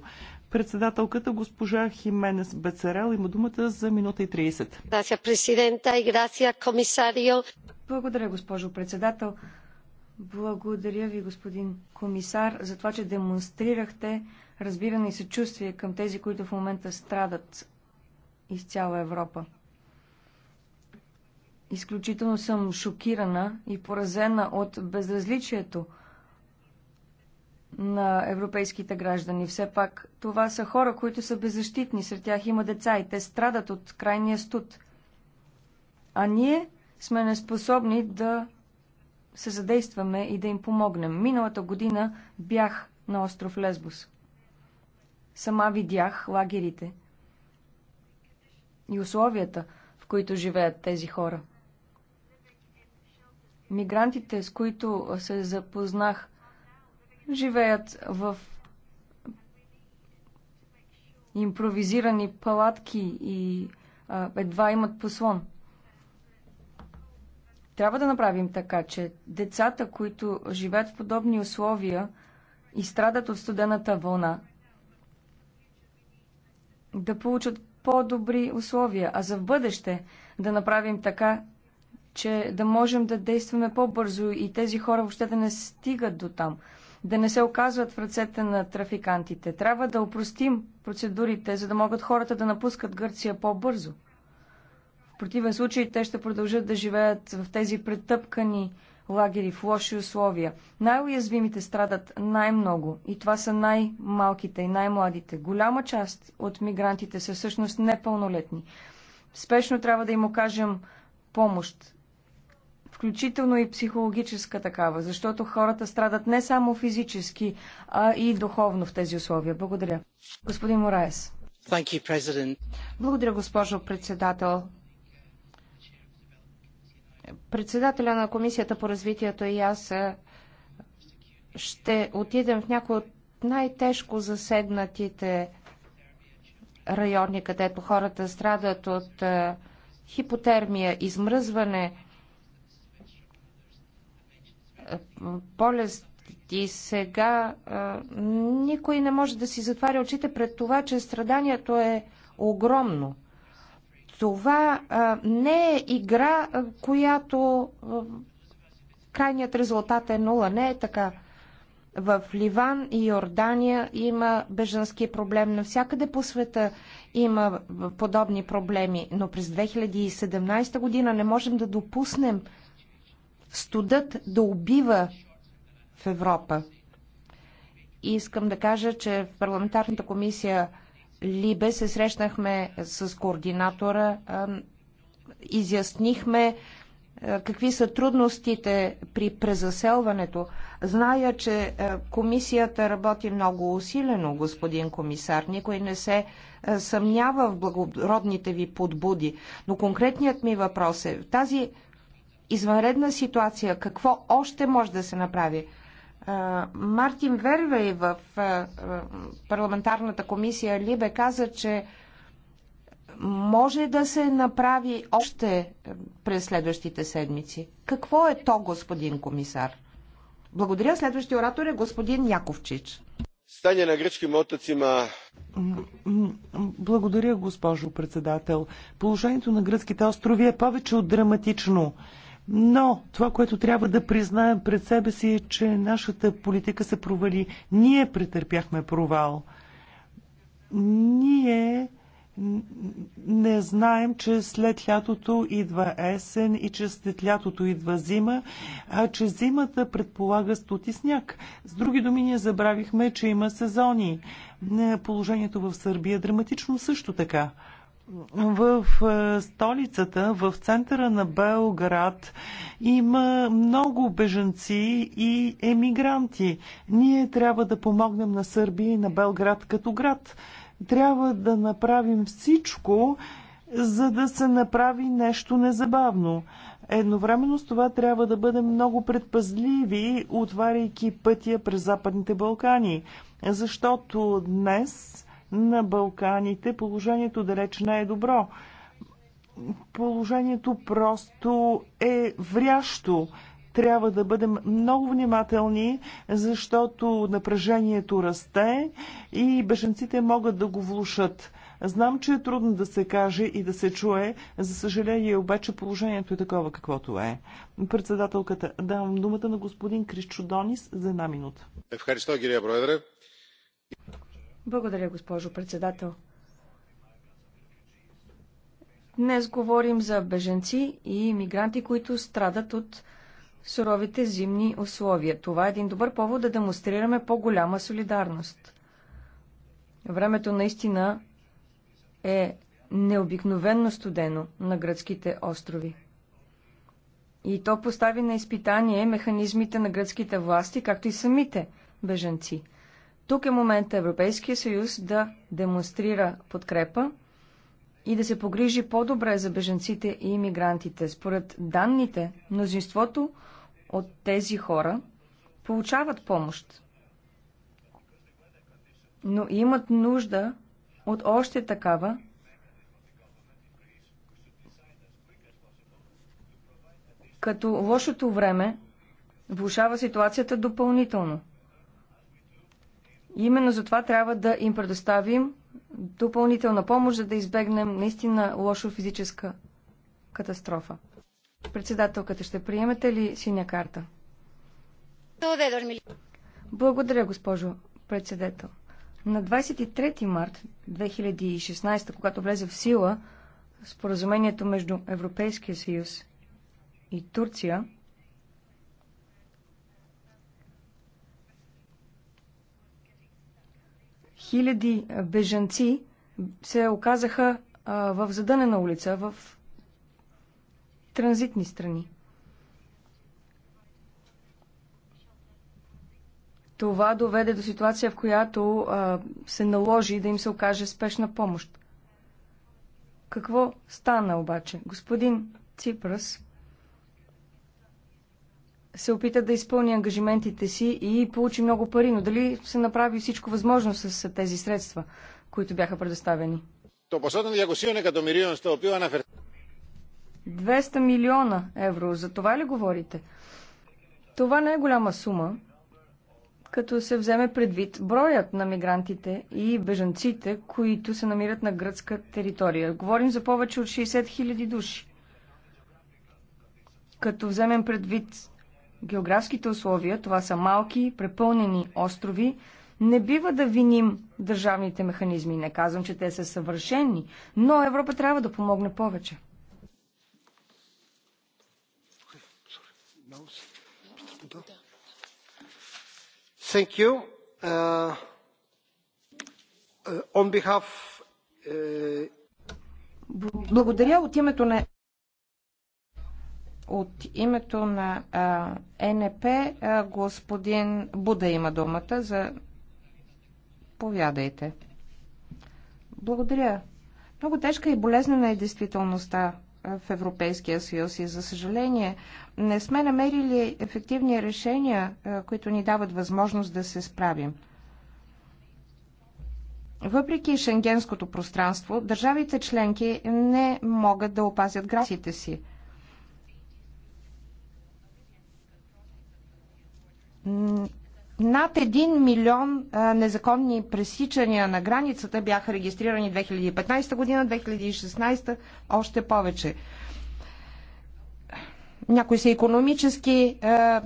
Председателката госпожа Хименес Бецарел, има думата за минута и 30. Благодаря, госпожо председател. Благодаря ви, господин комисар, за това, че демонстрирахте разбиране и съчувствие към тези, които в момента страдат из цяла Европа. Изключително съм шокирана и поразена от безразличието на европейските граждани. Все пак това са хора, които са беззащитни. Сред тях има деца и те страдат от крайния студ. А ние сме неспособни да се задействаме и да им помогнем. Миналата година бях на остров Лесбос. Сама видях лагерите – и условията, в които живеят тези хора. Мигрантите, с които се запознах, живеят в импровизирани палатки и а, едва имат послон. Трябва да направим така, че децата, които живеят в подобни условия и страдат от студената вълна, да получат по-добри условия, а за в бъдеще да направим така, че да можем да действаме по-бързо и тези хора въобще да не стигат до там, да не се оказват в ръцете на трафикантите. Трябва да опростим процедурите, за да могат хората да напускат Гърция по-бързо. В противен случай те ще продължат да живеят в тези претъпкани лагери в лоши условия. Най-уязвимите страдат най-много и това са най-малките и най-младите. Голяма част от мигрантите са всъщност непълнолетни. Спешно трябва да им окажем помощ, включително и психологическа такава, защото хората страдат не само физически, а и духовно в тези условия. Благодаря. Господин Мораес. Благодаря, госпожо председател. Председателя на Комисията по развитието и аз ще отидем в някои от най-тежко засегнатите райони, където хората страдат от хипотермия, измръзване, болест и сега а, никой не може да си затваря очите пред това, че страданието е огромно. Това не е игра, която крайният резултат е нула. Не е така. В Ливан и Йордания има беженски проблем. Навсякъде по света има подобни проблеми. Но през 2017 година не можем да допуснем студът да убива в Европа. И искам да кажа, че в парламентарната комисия Либе се срещнахме с координатора, изяснихме какви са трудностите при презаселването. Зная, че комисията работи много усилено, господин комисар. Никой не се съмнява в благородните ви подбуди. Но конкретният ми въпрос е, в тази извънредна ситуация какво още може да се направи? Мартин Вервей в парламентарната комисия Либе каза, че може да се направи още през следващите седмици. Какво е то, господин комисар? Благодаря. Следващия оратор е господин Яковчич. Стане на гръцким отъцима. Благодаря, госпожо председател. Положението на гръцките острови е повече от драматично. Но това, което трябва да признаем пред себе си е, че нашата политика се провали. Ние претърпяхме провал. Ние не знаем, че след лятото идва есен и че след лятото идва зима, а че зимата предполага студ и сняг. С други думи, ние забравихме, че има сезони. Положението в Сърбия е драматично също така в столицата, в центъра на Белград има много бежанци и емигранти. Ние трябва да помогнем на Сърбия и на Белград като град. Трябва да направим всичко, за да се направи нещо незабавно. Едновременно с това трябва да бъдем много предпазливи, отваряйки пътя през Западните Балкани, защото днес на Балканите положението далеч не е добро. Положението просто е врящо трябва да бъдем много внимателни, защото напрежението расте и беженците могат да го влушат. Знам, че е трудно да се каже и да се чуе. За съжаление, обаче положението е такова, каквото е. Председателката, давам думата на господин Крищодонис за една минута. Евхаристо, Гирия Бройдре. Благодаря, госпожо председател. Днес говорим за беженци и мигранти, които страдат от суровите зимни условия. Това е един добър повод да демонстрираме по-голяма солидарност. Времето наистина е необикновенно студено на гръцките острови. И то постави на изпитание механизмите на гръцките власти, както и самите беженци. Тук е момента Европейския съюз да демонстрира подкрепа и да се погрижи по-добре за беженците и иммигрантите. Според данните, мнозинството от тези хора получават помощ, но имат нужда от още такава, като лошото време влушава ситуацията допълнително. И именно за това трябва да им предоставим допълнителна помощ, за да избегнем наистина лошо физическа катастрофа. Председателката, ще приемете ли синя карта? Благодаря, госпожо председател. На 23 март 2016, когато влезе в сила споразумението между Европейския съюз и Турция, Хиляди бежанци се оказаха в задънена улица, в транзитни страни. Това доведе до ситуация, в която а, се наложи да им се окаже спешна помощ. Какво стана обаче? Господин Ципрас се опита да изпълни ангажиментите си и получи много пари, но дали се направи всичко възможно с тези средства, които бяха предоставени? 200 милиона евро, за това ли говорите? Това не е голяма сума, като се вземе предвид броят на мигрантите и бежанците, които се намират на гръцка територия. Говорим за повече от 60 хиляди души. Като вземем предвид географските условия, това са малки, препълнени острови, не бива да виним държавните механизми. Не казвам, че те са съвършени, но Европа трябва да помогне повече. Thank you. Uh, uh on behalf, uh... Благодаря от името на от името на НП господин Буда има думата за... Повядайте. Благодаря. Много тежка и болезнена е действителността в Европейския съюз и за съжаление не сме намерили ефективни решения, които ни дават възможност да се справим. Въпреки шенгенското пространство, държавите членки не могат да опазят границите си – Над 1 милион а, незаконни пресичания на границата бяха регистрирани 2015 година, 2016 още повече. Някои са економически а,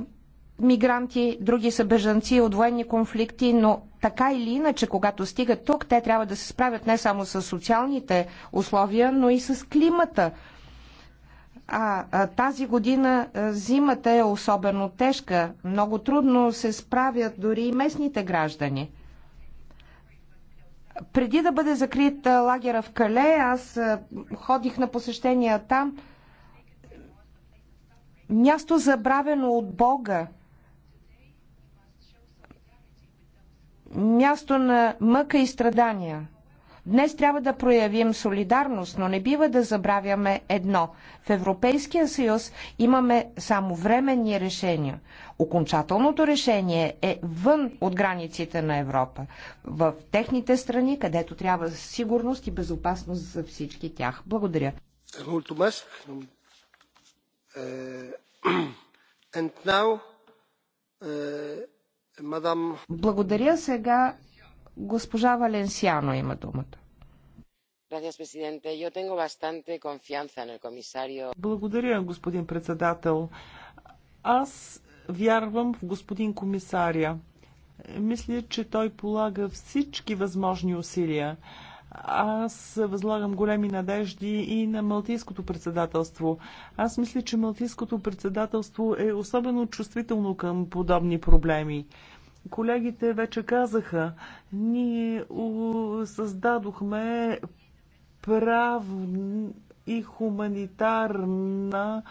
мигранти, други са бежанци от военни конфликти, но така или иначе, когато стигат тук, те трябва да се справят не само с социалните условия, но и с климата, а, а тази година зимата е особено тежка. Много трудно се справят дори и местните граждани. Преди да бъде закрит лагера в Кале, аз ходих на посещения там. Място забравено от Бога. Място на мъка и страдания. Днес трябва да проявим солидарност, но не бива да забравяме едно. В Европейския съюз имаме само временни решения. Окончателното решение е вън от границите на Европа, в техните страни, където трябва сигурност и безопасност за всички тях. Благодаря. Е, е, е, Благодаря сега Госпожа Валенсиано има думата. Благодаря, господин председател. Аз вярвам в господин комисаря. Мисля, че той полага всички възможни усилия. Аз възлагам големи надежди и на Малтийското председателство. Аз мисля, че Малтийското председателство е особено чувствително към подобни проблеми. Колегите вече казаха, ние създадохме прав и хуманитарна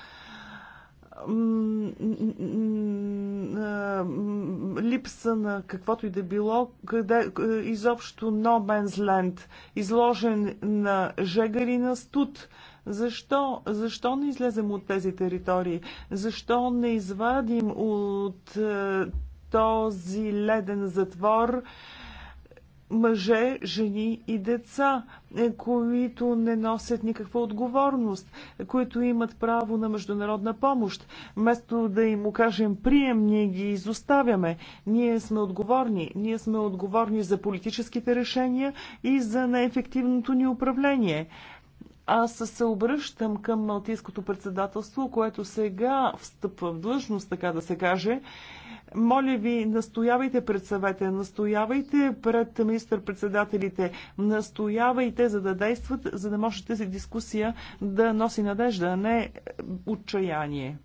липса на каквото и да било, къде, изобщо no man's land, изложен на жегари и на студ. Защо? Защо не излезем от тези територии? Защо не извадим от е, този леден затвор мъже, жени и деца, е, които не носят никаква отговорност, е, които имат право на международна помощ. Вместо да им окажем прием, ние ги изоставяме. Ние сме отговорни. Ние сме отговорни за политическите решения и за неефективното ни управление. Аз се обръщам към Малтийското председателство, което сега встъпва в длъжност, така да се каже, моля ви, настоявайте пред съвета, настоявайте пред министър-председателите, настоявайте за да действат, за да може тази дискусия да носи надежда, а не отчаяние.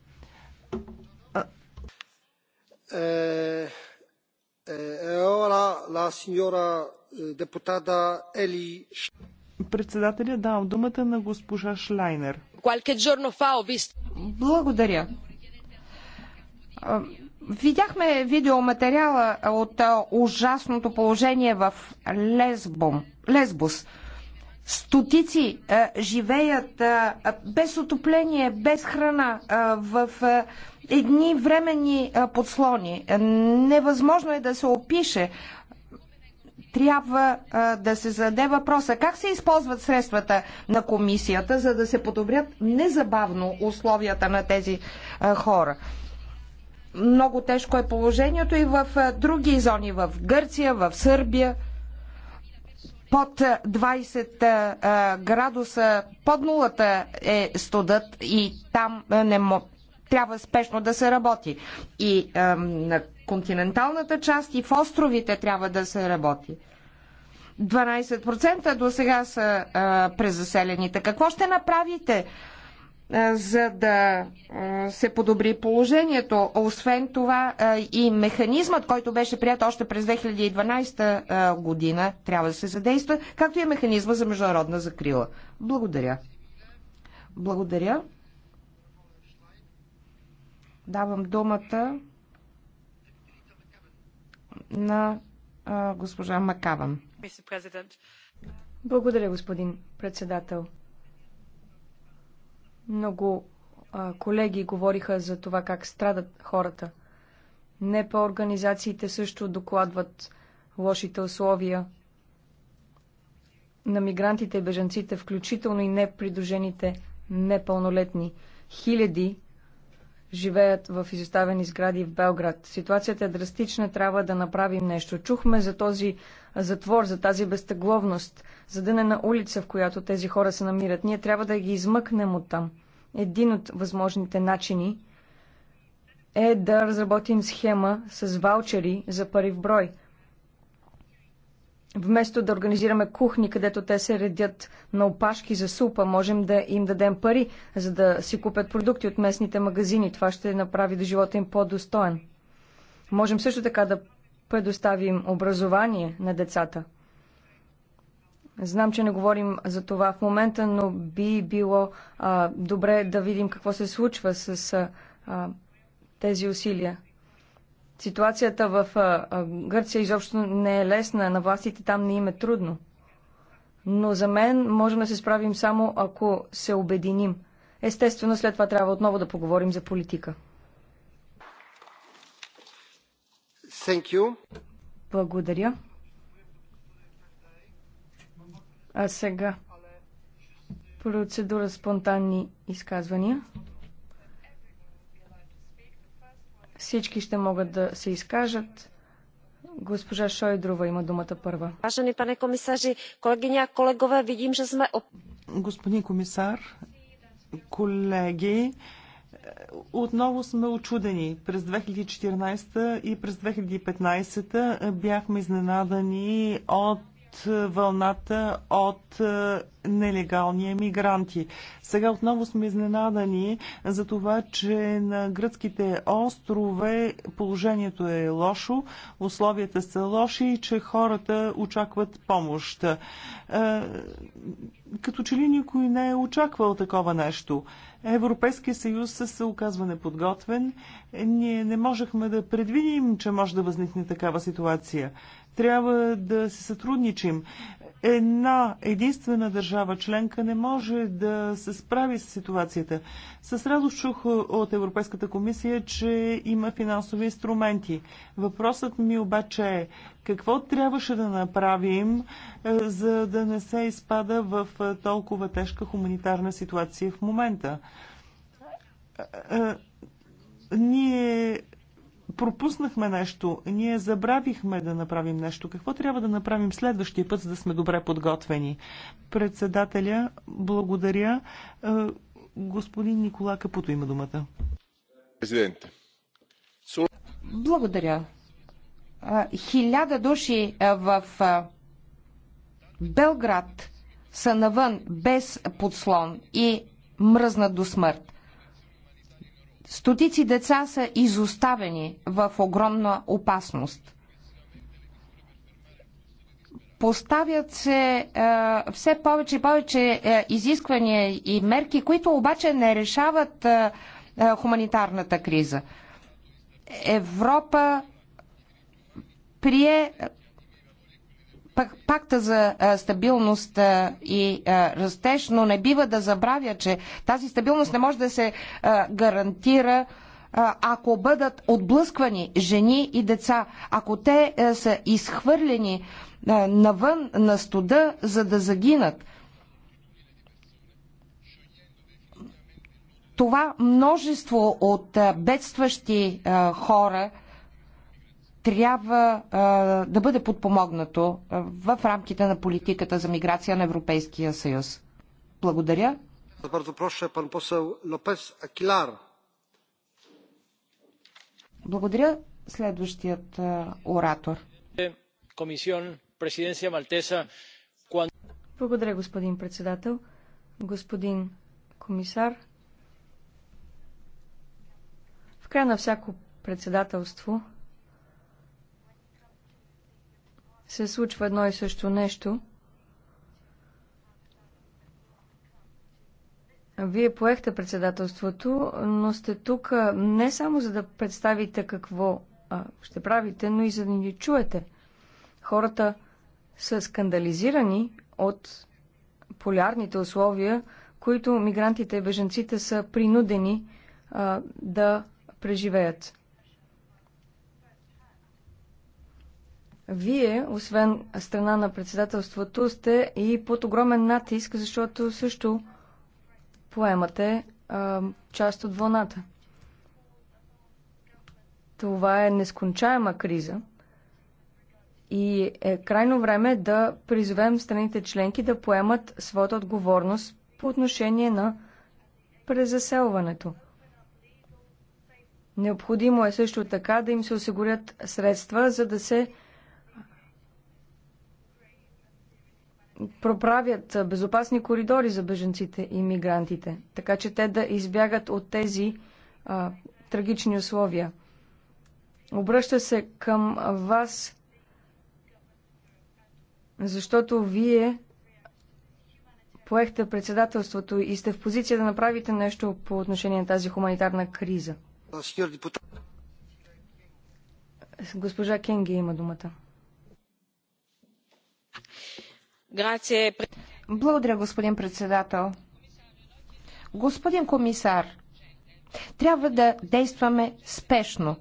Е, е, е, Председателя дал думата на госпожа Шлайнер. Благодаря Видяхме видеоматериала от ужасното положение в Лесбом, Лесбос. Стотици а, живеят а, без отопление, без храна, а, в а, едни временни а, подслони. Невъзможно е да се опише. Трябва а, да се зададе въпроса как се използват средствата на комисията, за да се подобрят незабавно условията на тези а, хора много тежко е положението и в други зони, в Гърция, в Сърбия. Под 20 градуса, под нулата е студът и там не мо... трябва спешно да се работи. И е, на континенталната част и в островите трябва да се работи. 12% до сега са е, презаселените. Какво ще направите? за да се подобри положението. Освен това и механизмът, който беше прият още през 2012 година, трябва да се задейства, както и е механизма за международна закрила. Благодаря. Благодаря. Давам думата на госпожа Макаван. Благодаря, господин председател. Много а, колеги говориха за това как страдат хората. по организациите също докладват лошите условия на мигрантите и бежанците, включително и непридружените непълнолетни. Хиляди живеят в изоставени сгради в Белград. Ситуацията е драстична, трябва да направим нещо. Чухме за този затвор, за тази безтъгловност, за дънена улица, в която тези хора се намират. Ние трябва да ги измъкнем от там. Един от възможните начини е да разработим схема с ваучери за пари в брой – Вместо да организираме кухни, където те се редят на опашки за супа, можем да им дадем пари, за да си купят продукти от местните магазини. Това ще направи да живота им по-достоен. Можем също така да предоставим образование на децата. Знам, че не говорим за това в момента, но би било а, добре да видим какво се случва с а, тези усилия. Ситуацията в Гърция изобщо не е лесна, на властите там не им е трудно. Но за мен можем да се справим само ако се обединим. Естествено, след това трябва отново да поговорим за политика. Thank you. Благодаря. А сега процедура спонтанни изказвания. Всички ще могат да се изкажат. Госпожа Шойдрова има думата първа. Важени е, пане комисажи, колегиня, колегове, видим, че сме... Господин комисар, колеги, отново сме очудени. През 2014 и през 2015 бяхме изненадани от вълната от нелегални емигранти. Сега отново сме изненадани за това, че на гръцките острове положението е лошо, условията са лоши и че хората очакват помощ. Е, като че ли никой не е очаквал такова нещо. Европейския съюз се оказва неподготвен. Ние не можехме да предвидим, че може да възникне такава ситуация. Трябва да се сътрудничим. Една единствена държава държава членка не може да се справи с ситуацията. С радост чух от Европейската комисия, че има финансови инструменти. Въпросът ми обаче е какво трябваше да направим, е, за да не се изпада в е, толкова тежка хуманитарна ситуация в момента. Е, ние пропуснахме нещо, ние забравихме да направим нещо. Какво трябва да направим следващия път, за да сме добре подготвени? Председателя, благодаря. Е, господин Никола Капуто има думата. Президент. Благодаря. Хиляда души в Белград са навън без подслон и мръзнат до смърт. Стотици деца са изоставени в огромна опасност. Поставят се а, е, все повече и повече а, е, изисквания и мерки, които обаче не решават а, е, а, хуманитарната криза. Европа прие пакта за стабилност и растеж, но не бива да забравя, че тази стабилност не може да се гарантира ако бъдат отблъсквани жени и деца, ако те са изхвърлени навън на студа, за да загинат. Това множество от бедстващи хора – трябва а, да бъде подпомогнато в рамките на политиката за миграция на Европейския съюз. Благодаря. Благодаря. Следващият оратор. Благодаря, господин председател. Господин комисар, в края на всяко председателство се случва едно и също нещо. Вие поехте председателството, но сте тук не само за да представите какво а, ще правите, но и за да ни чуете. Хората са скандализирани от полярните условия, които мигрантите и беженците са принудени а, да преживеят. Вие, освен страна на председателството, сте и под огромен натиск, защото също поемате а, част от вълната. Това е нескончаема криза и е крайно време да призовем страните членки да поемат своята отговорност по отношение на презаселването. Необходимо е също така да им се осигурят средства, за да се проправят безопасни коридори за беженците и мигрантите, така че те да избягат от тези а, трагични условия. Обръща се към вас, защото вие поехте председателството и сте в позиция да направите нещо по отношение на тази хуманитарна криза. Госпожа Кенги има думата. Е Благодаря, господин председател. Господин комисар, трябва да действаме спешно,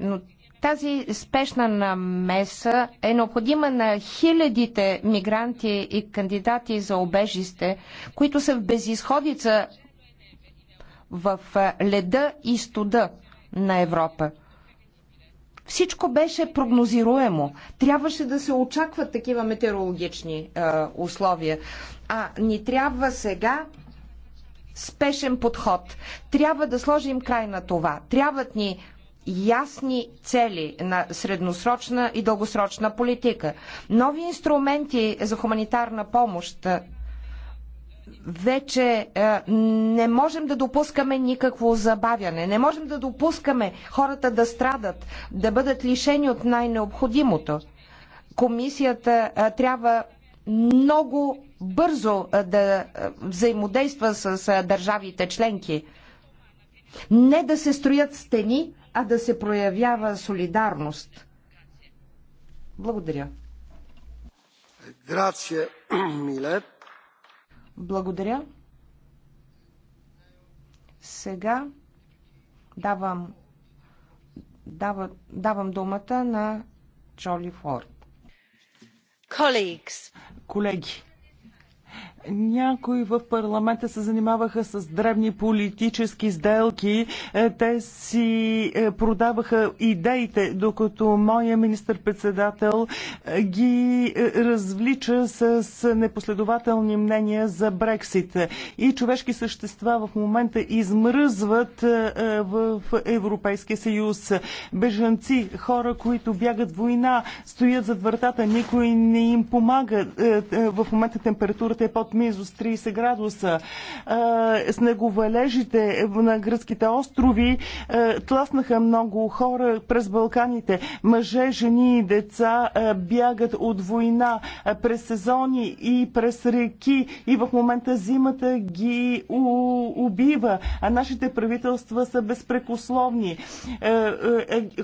но тази спешна намеса е необходима на хилядите мигранти и кандидати за обежище, които са в безисходица в леда и студа на Европа. Всичко беше прогнозируемо. Трябваше да се очакват такива метеорологични е, условия. А ни трябва сега спешен подход. Трябва да сложим край на това. Трябват ни ясни цели на средносрочна и дългосрочна политика. Нови инструменти за хуманитарна помощ вече е, не можем да допускаме никакво забавяне. Не можем да допускаме хората да страдат, да бъдат лишени от най-необходимото. Комисията е, трябва много бързо е, да е, взаимодейства с, е, държавите членки. Не да се строят стени, а да се проявява солидарност. Благодаря. Грация, Милет. Благодаря. Сега давам, дава, давам думата на Джоли Форд. Колеги. Някои в парламента се занимаваха с древни политически сделки. Е, те си е, продаваха идеите, докато моя министр-председател е, ги развлича с непоследователни мнения за Брексит. И човешки същества в момента измръзват в Европейския съюз. Бежанци, хора, които бягат война, стоят зад вратата, никой не им помага. В момента температурата е под минус 30 градуса. Снеговалежите на гръцките острови тласнаха много хора през Балканите. Мъже, жени и деца бягат от война през сезони и през реки и в момента зимата ги убива, а нашите правителства са безпрекословни.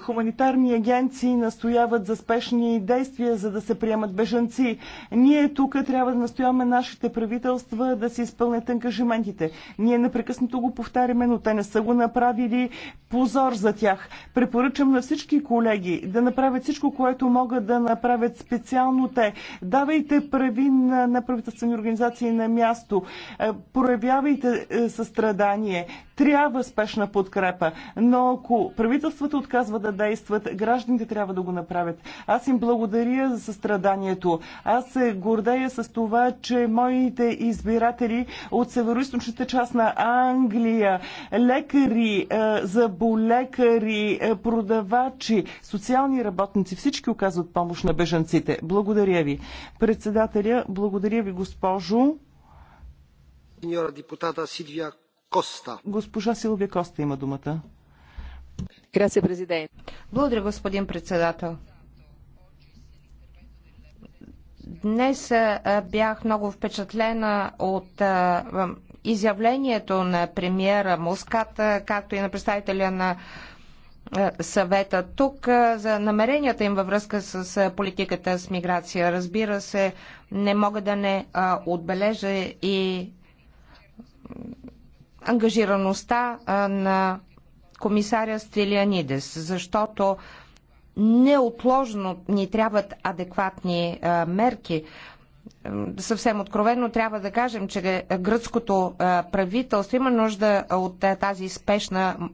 Хуманитарни агенции настояват за спешни действия, за да се приемат бежанци. Ние тук трябва да настояваме нашите правителства правителства да си изпълнят ангажиментите. Ние непрекъснато го повтаряме, но те не са го направили. Позор за тях. Препоръчам на всички колеги да направят всичко, което могат да направят специално те. Давайте прави на, на правителствени организации на място. Е, проявявайте е, състрадание. Трябва спешна подкрепа. Но ако правителствата отказва да действат, гражданите трябва да го направят. Аз им благодаря за състраданието. Аз се гордея с това, че мои техните избиратели от североизточната част на Англия, лекари, е, заболекари, е, продавачи, социални работници, всички оказват помощ на бежанците. Благодаря ви. Председателя, благодаря ви, госпожо. Сеньора депутата Силвия Коста. Госпожа Силвия Коста има думата. Благодаря, господин председател. Днес бях много впечатлена от изявлението на премиера Мускат, както и на представителя на съвета тук за намеренията им във връзка с политиката с миграция. Разбира се, не мога да не отбележа и ангажираността на комисаря Стилианидес, защото неотложно ни трябват адекватни а, мерки. Съвсем откровено трябва да кажем, че е, гръцкото а, правителство има нужда от а, тази спешна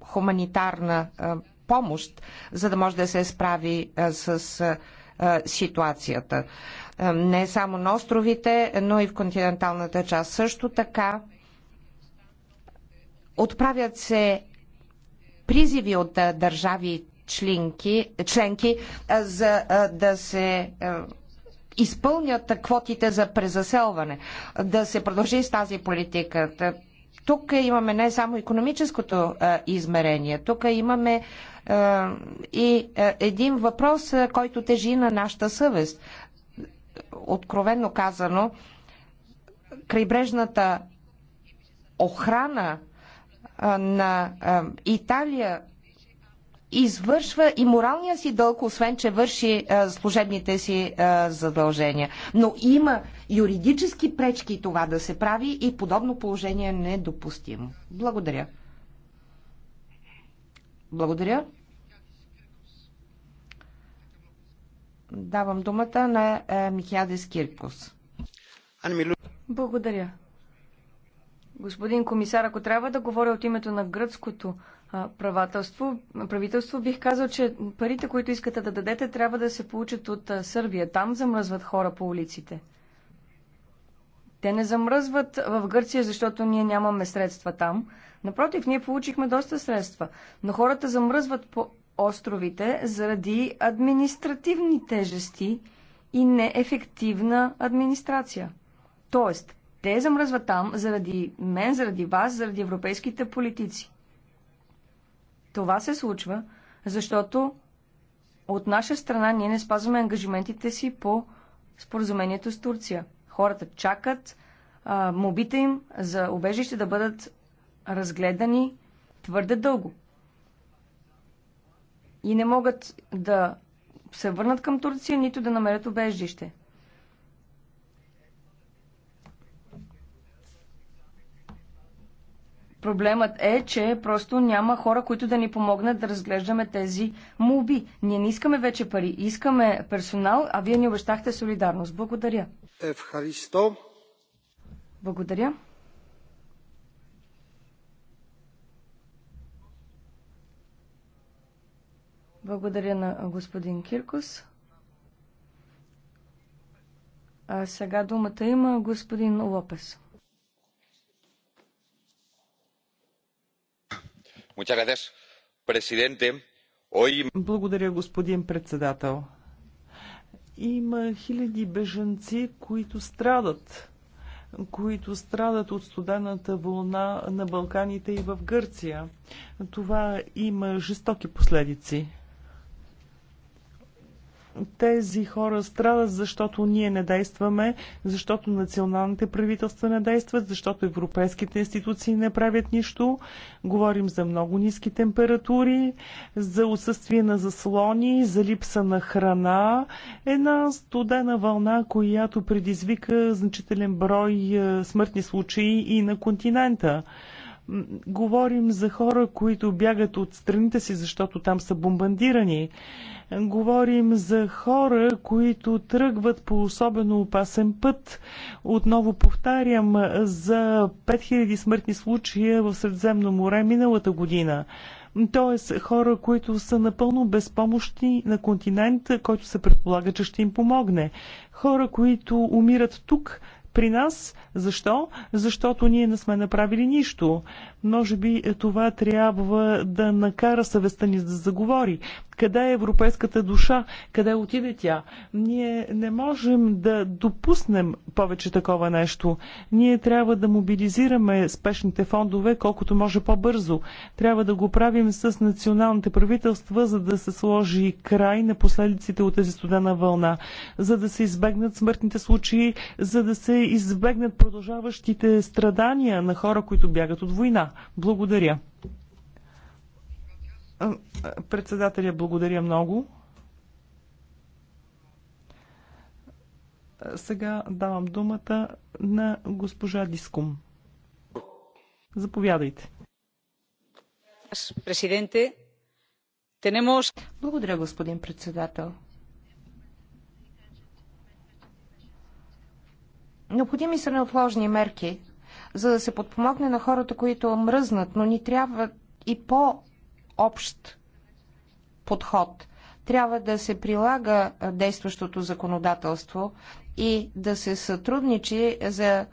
хуманитарна а, помощ, за да може да се справи а, с а, ситуацията. А, не само на островите, но и в континенталната част. Също така отправят се призиви от държави членки, членки за да се изпълнят квотите за презаселване, да се продължи с тази политика. Тук имаме не само економическото измерение, тук имаме и един въпрос, който тежи на нашата съвест. Откровенно казано, крайбрежната охрана на Италия извършва и моралния си дълг, освен че върши а, е, служебните си а, е, задължения. Но има юридически пречки това да се прави и подобно положение е недопустимо. Благодаря. Благодаря. Давам думата на е, Михиадес Киркос. Благодаря. Господин комисар, ако трябва да говоря от името на гръцкото правителство, правителство, бих казал, че парите, които искате да дадете, трябва да се получат от Сърбия. Там замръзват хора по улиците. Те не замръзват в Гърция, защото ние нямаме средства там. Напротив, ние получихме доста средства. Но хората замръзват по островите заради административни тежести и неефективна администрация. Тоест, те замръзват там заради мен, заради вас, заради европейските политици. Това се случва, защото от наша страна ние не спазваме ангажиментите си по споразумението с Турция. Хората чакат а, мобите им за убежище да бъдат разгледани твърде дълго. И не могат да се върнат към Турция, нито да намерят убежище. Проблемът е, че просто няма хора, които да ни помогнат да разглеждаме тези муби. Ние не искаме вече пари, искаме персонал, а вие ни обещахте солидарност. Благодаря. Евхаристо. Благодаря. Благодаря на господин Киркос. А сега думата има господин Лопес. Благодаря, господин председател. Има хиляди бежанци, които страдат които страдат от студената вълна на Балканите и в Гърция. Това има жестоки последици тези хора страдат, защото ние не действаме, защото националните правителства не действат, защото европейските институции не правят нищо. Говорим за много ниски температури, за отсъствие на заслони, за липса на храна. Една студена вълна, която предизвика значителен брой е, смъртни случаи и на континента. Говорим за хора, които бягат от страните си, защото там са бомбандирани. Говорим за хора, които тръгват по особено опасен път. Отново повтарям за 5000 смъртни случая в Средземно море миналата година Тоест, хора, които са напълно безпомощни на континента, който се предполага, че ще им помогне. Хора, които умират тук, при нас. Защо? Защото ние не сме направили нищо. Може би това трябва да накара съвестта ни да заговори. Къде е европейската душа? Къде отиде тя? Ние не можем да допуснем повече такова нещо. Ние трябва да мобилизираме спешните фондове колкото може по-бързо. Трябва да го правим с националните правителства, за да се сложи край на последиците от тази студена вълна, за да се избегнат смъртните случаи, за да се избегнат продължаващите страдания на хора, които бягат от война. Благодаря. Председателя, благодаря много. Сега давам думата на госпожа Дискум. Заповядайте. Благодаря, господин председател. Необходими са неотложни мерки за да се подпомогне на хората, които мръзнат, но ни трябва и по-общ подход. Трябва да се прилага действащото законодателство и да се сътрудничи за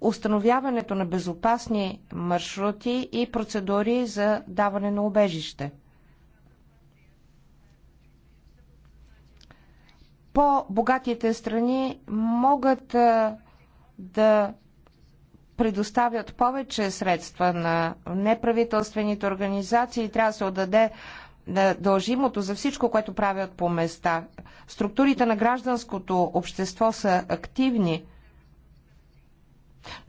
установяването на безопасни маршрути и процедури за даване на убежище. По-богатите страни могат да предоставят повече средства на неправителствените организации. Трябва да се отдаде на дължимото за всичко, което правят по места. Структурите на гражданското общество са активни,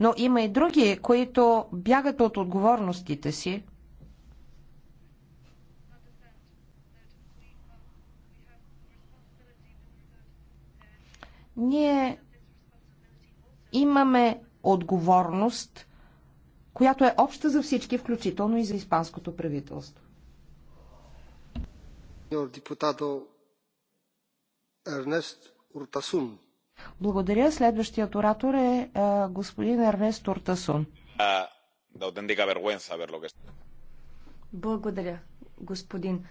но има и други, които бягат от отговорностите си. Ние имаме отговорност, която е обща за всички, включително и за испанското правителство. Благодаря. Следващият оратор е, е господин Ернест Уртасун. Благодаря, господин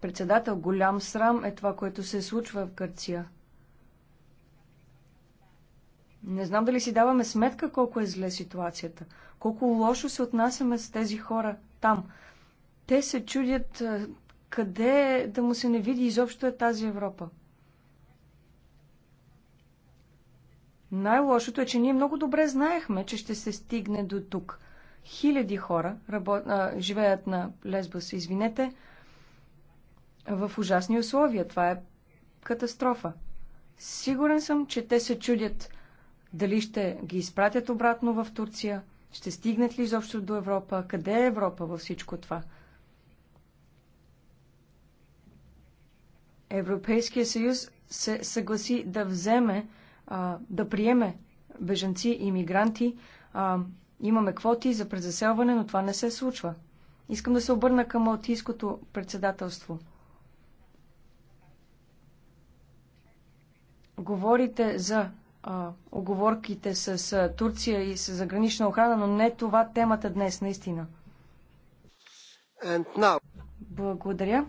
председател. Голям срам е това, което се случва в Гърция. Не знам дали си даваме сметка колко е зле ситуацията, колко лошо се отнасяме с тези хора там. Те се чудят къде да му се не види изобщо е тази Европа. Най-лошото е, че ние много добре знаехме, че ще се стигне до тук. Хиляди хора работ... а, живеят на Лесбос, извинете, в ужасни условия. Това е катастрофа. Сигурен съм, че те се чудят дали ще ги изпратят обратно в Турция? Ще стигнат ли изобщо до Европа? Къде е Европа във всичко това? Европейския съюз се съгласи да вземе, а, да приеме бежанци и мигранти. А, имаме квоти за презаселване, но това не се случва. Искам да се обърна към Малтийското председателство. Говорите за а, оговорките с а, Турция и с загранична охрана, но не това темата днес, наистина. Благодаря.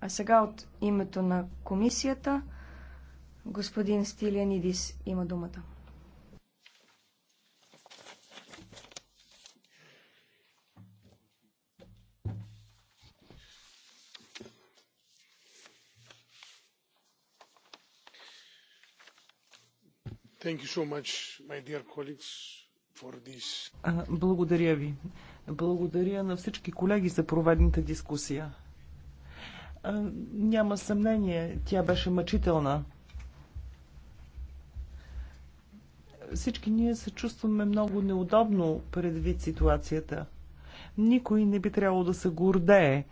А сега от името на комисията господин Стилианидис има думата. Благодаря ви. Благодаря на всички колеги за проведната дискусия. Няма съмнение, тя беше мъчителна. Всички ние се чувстваме много неудобно предвид ситуацията. Никой не би трябвало да се гордее.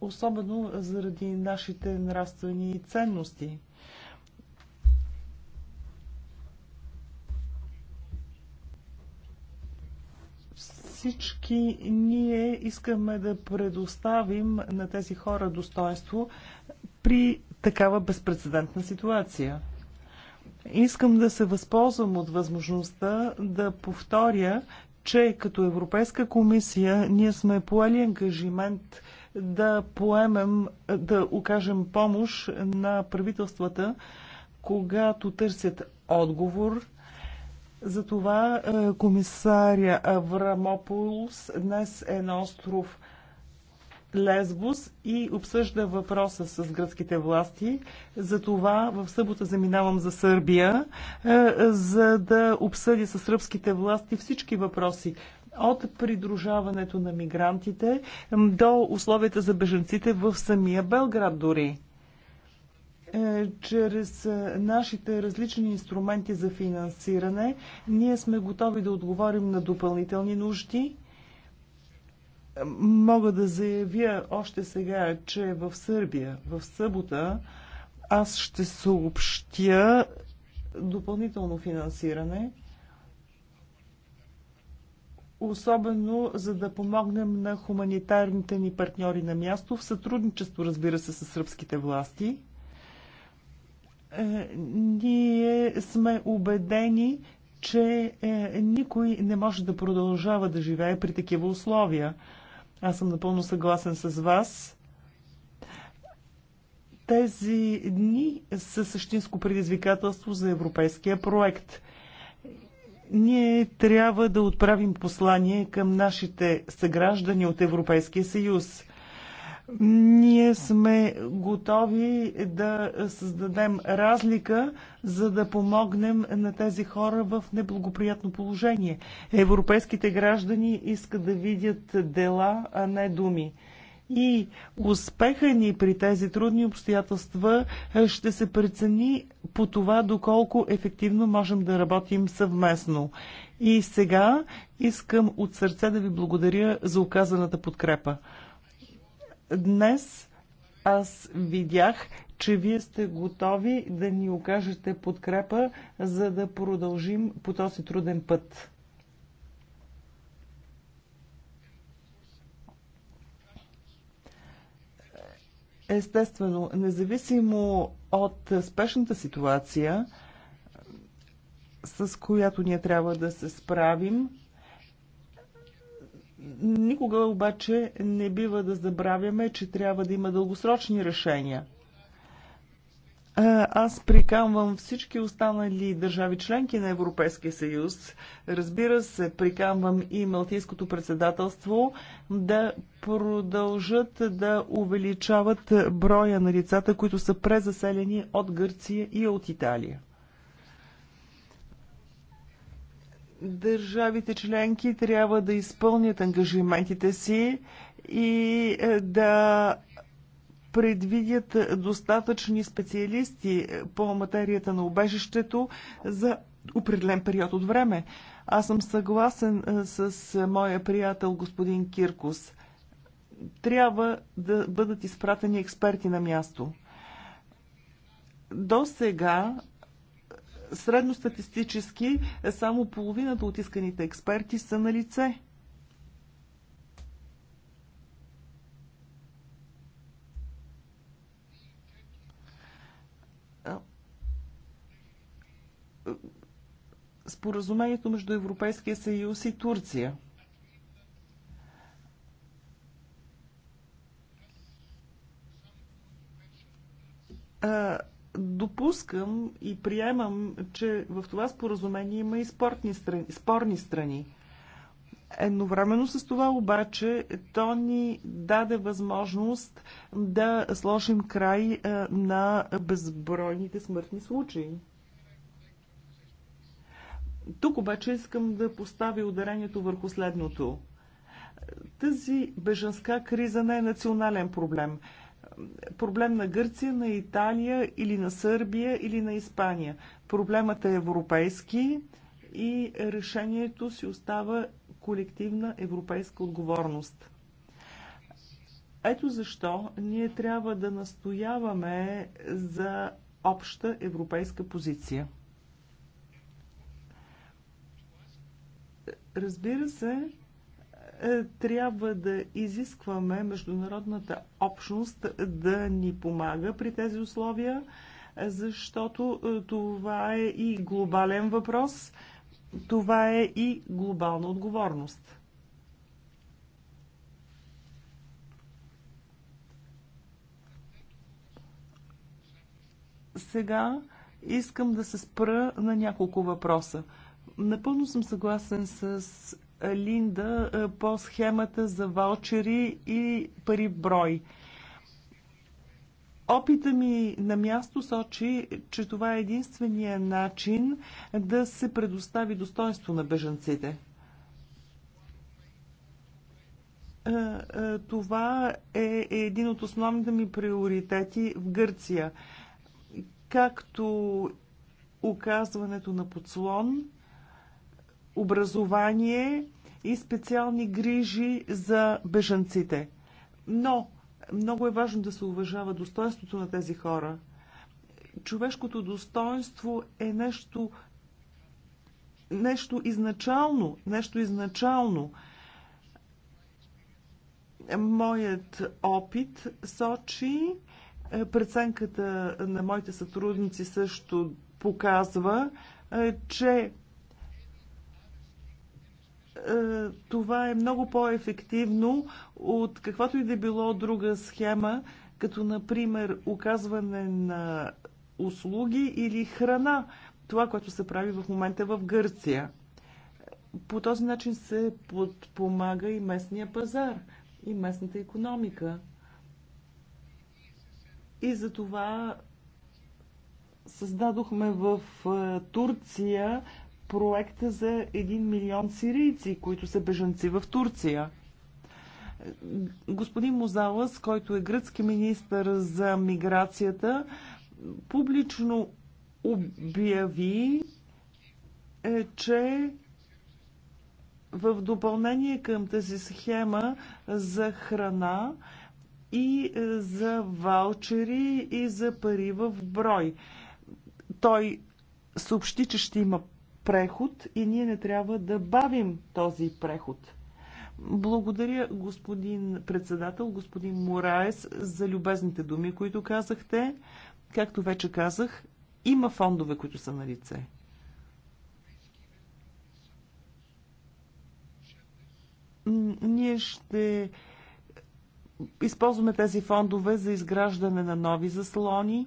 особено заради нашите нравствени ценности. всички ние искаме да предоставим на тези хора достоинство при такава безпредседентна ситуация. Искам да се възползвам от възможността да повторя, че като Европейска комисия ние сме поели ангажимент да поемем, да окажем помощ на правителствата, когато търсят отговор. Затова е, комисаря Аврамополус днес е на остров Лесбус и обсъжда въпроса с гръцките власти. За това в събота заминавам за Сърбия, е, за да обсъдя с сръбските власти всички въпроси, от придружаването на мигрантите до условията за беженците в самия Белград дори е, чрез е, нашите различни инструменти за финансиране, ние сме готови да отговорим на допълнителни нужди. Мога да заявя още сега, че в Сърбия, в събота, аз ще съобщя допълнително финансиране особено за да помогнем на хуманитарните ни партньори на място, в сътрудничество, разбира се, с сръбските власти. Е, ние сме убедени, че е, никой не може да продължава да живее при такива условия. Аз съм напълно съгласен с вас. Тези дни са същинско предизвикателство за европейския проект – ние трябва да отправим послание към нашите съграждани от Европейския съюз. Ние сме готови да създадем разлика, за да помогнем на тези хора в неблагоприятно положение. Европейските граждани искат да видят дела, а не думи и успеха ни при тези трудни обстоятелства е, ще се прецени по това доколко ефективно можем да работим съвместно. И сега искам от сърце да ви благодаря за оказаната подкрепа. Днес аз видях, че вие сте готови да ни окажете подкрепа, за да продължим по този труден път. Естествено, независимо от спешната ситуация, с която ние трябва да се справим, никога обаче не бива да забравяме, че трябва да има дългосрочни решения – е, аз приканвам всички останали държави членки на Европейския съюз. Разбира се, приканвам и Малтийското председателство да продължат да увеличават броя на лицата, които са презаселени от Гърция и от Италия. Държавите членки трябва да изпълнят ангажиментите си и е, да предвидят достатъчни специалисти по материята на убежището за определен период от време. Аз съм съгласен с моя приятел господин Киркус. Трябва да бъдат изпратени експерти на място. До сега средностатистически само половината от исканите експерти са на лице. споразумението между Европейския съюз и Турция. допускам и приемам, че в това споразумение има и спорни страни, спорни страни. Едновременно с това обаче то ни даде възможност да сложим край на безбройните смъртни случаи. Тук обаче искам да поставя ударението върху следното. Тази бежанска криза не е национален проблем. Проблем на Гърция, на Италия или на Сърбия или на Испания. Проблемът е европейски и решението си остава колективна европейска отговорност. Ето защо ние трябва да настояваме за обща европейска позиция. Разбира се, е, трябва да изискваме международната общност да ни помага при тези условия, защото е, това е и глобален въпрос, това е и глобална отговорност. Сега искам да се спра на няколко въпроса. Напълно съм съгласен с Линда по схемата за ваучери и пари брой. Опита ми на място сочи, че това е единствения начин да се предостави достоинство на бежанците. Това е, е един от основните ми приоритети в Гърция. Както оказването на подслон, образование и специални грижи за бежанците. Но много е важно да се уважава достоинството на тези хора. Човешкото достоинство е нещо, нещо изначално, нещо изначално. Моят опит сочи, е, преценката на моите сътрудници също показва, е, че е, това е много по-ефективно от каквато и да било друга схема, като например оказване на услуги или храна. Това, което се прави в момента в Гърция. По този начин се подпомага и местния пазар, и местната економика. И за това създадохме в е, Турция проекта за един милион сирийци, които са бежанци в Турция. Господин Мозалас, който е гръцки министър за миграцията, публично обяви, е, че в допълнение към тази схема за храна и е, за ваучери и за пари в брой. Той съобщи, че ще има преход и ние не трябва да бавим този преход. Благодаря, господин председател, господин Мораес, за любезните думи, които казахте. Както вече казах, има фондове, които са на лице. Ние ще използваме тези фондове за изграждане на нови заслони.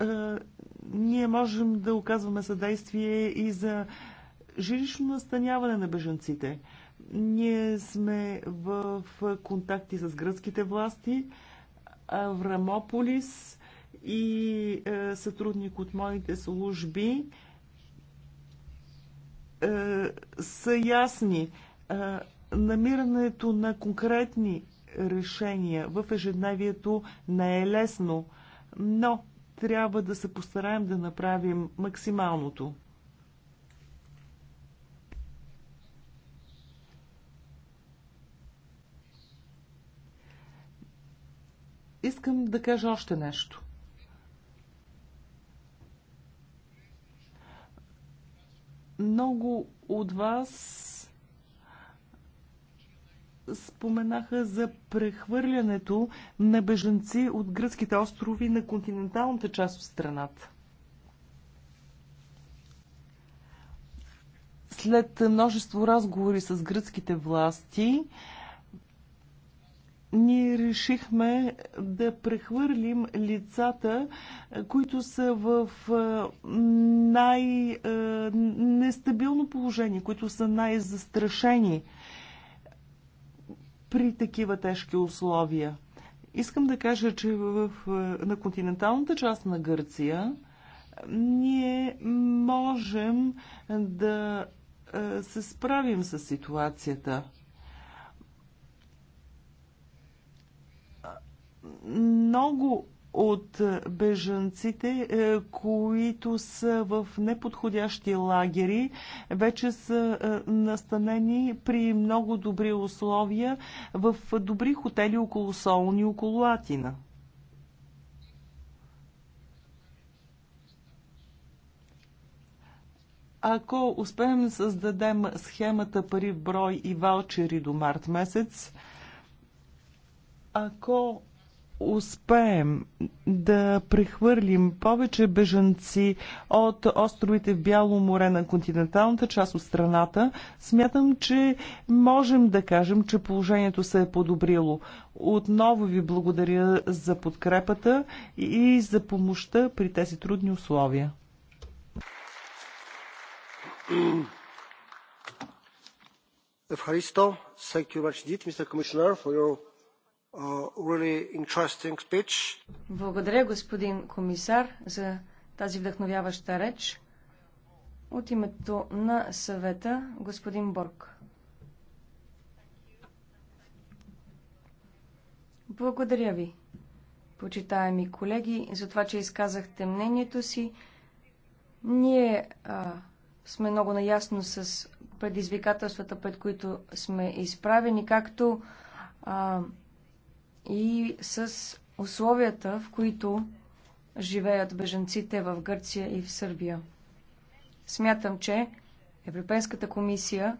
Е, ние можем да оказваме съдействие и за жилищно настаняване на бежанците. Ние сме в контакти с гръцките власти, Аврамополис и е, сътрудник от моите служби е, са ясни. Е, намирането на конкретни решения в ежедневието не е лесно, но трябва да се постараем да направим максималното. Искам да кажа още нещо. Много от вас споменаха за прехвърлянето на бежанци от гръцките острови на континенталната част от страната. След множество разговори с гръцките власти, ние решихме да прехвърлим лицата, които са в най-нестабилно положение, които са най-застрашени при такива тежки условия. Искам да кажа, че в, на континенталната част на Гърция ние можем да е, се справим с ситуацията. Много от е, бежанците, е, които са в неподходящи лагери, вече са е, настанени при много добри условия в добри хотели около Солон и около Атина. Ако успеем да създадем схемата пари в брой и валчери до март месец, ако успеем да прехвърлим повече бежанци от островите в Бяло море на континенталната част от страната, смятам, че можем да кажем, че положението се е подобрило. Отново ви благодаря за подкрепата и за помощта при тези трудни условия. Евхаристо, thank you much Mr. Commissioner, for your really interesting speech. Благодаря, господин комисар, за тази вдъхновяваща реч. От името на съвета, господин Борг. Благодаря ви, почитаеми колеги, за това, че изказахте мнението си. Ние а, сме много наясно с предизвикателствата, пред които сме изправени, както а, и с условията, в които живеят беженците в Гърция и в Сърбия. Смятам, че Европейската комисия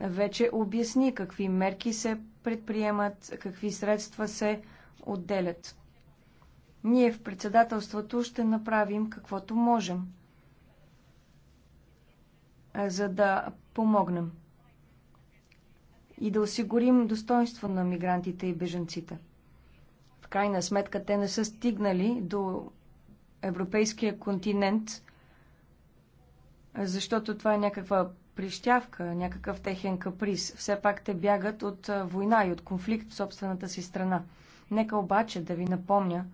вече обясни какви мерки се предприемат, какви средства се отделят. Ние в председателството ще направим каквото можем, за да помогнем и да осигурим достоинство на мигрантите и беженците крайна сметка те не са стигнали до европейския континент, защото това е някаква прищявка, някакъв техен каприз. Все пак те бягат от война и от конфликт в собствената си страна. Нека обаче да ви напомня,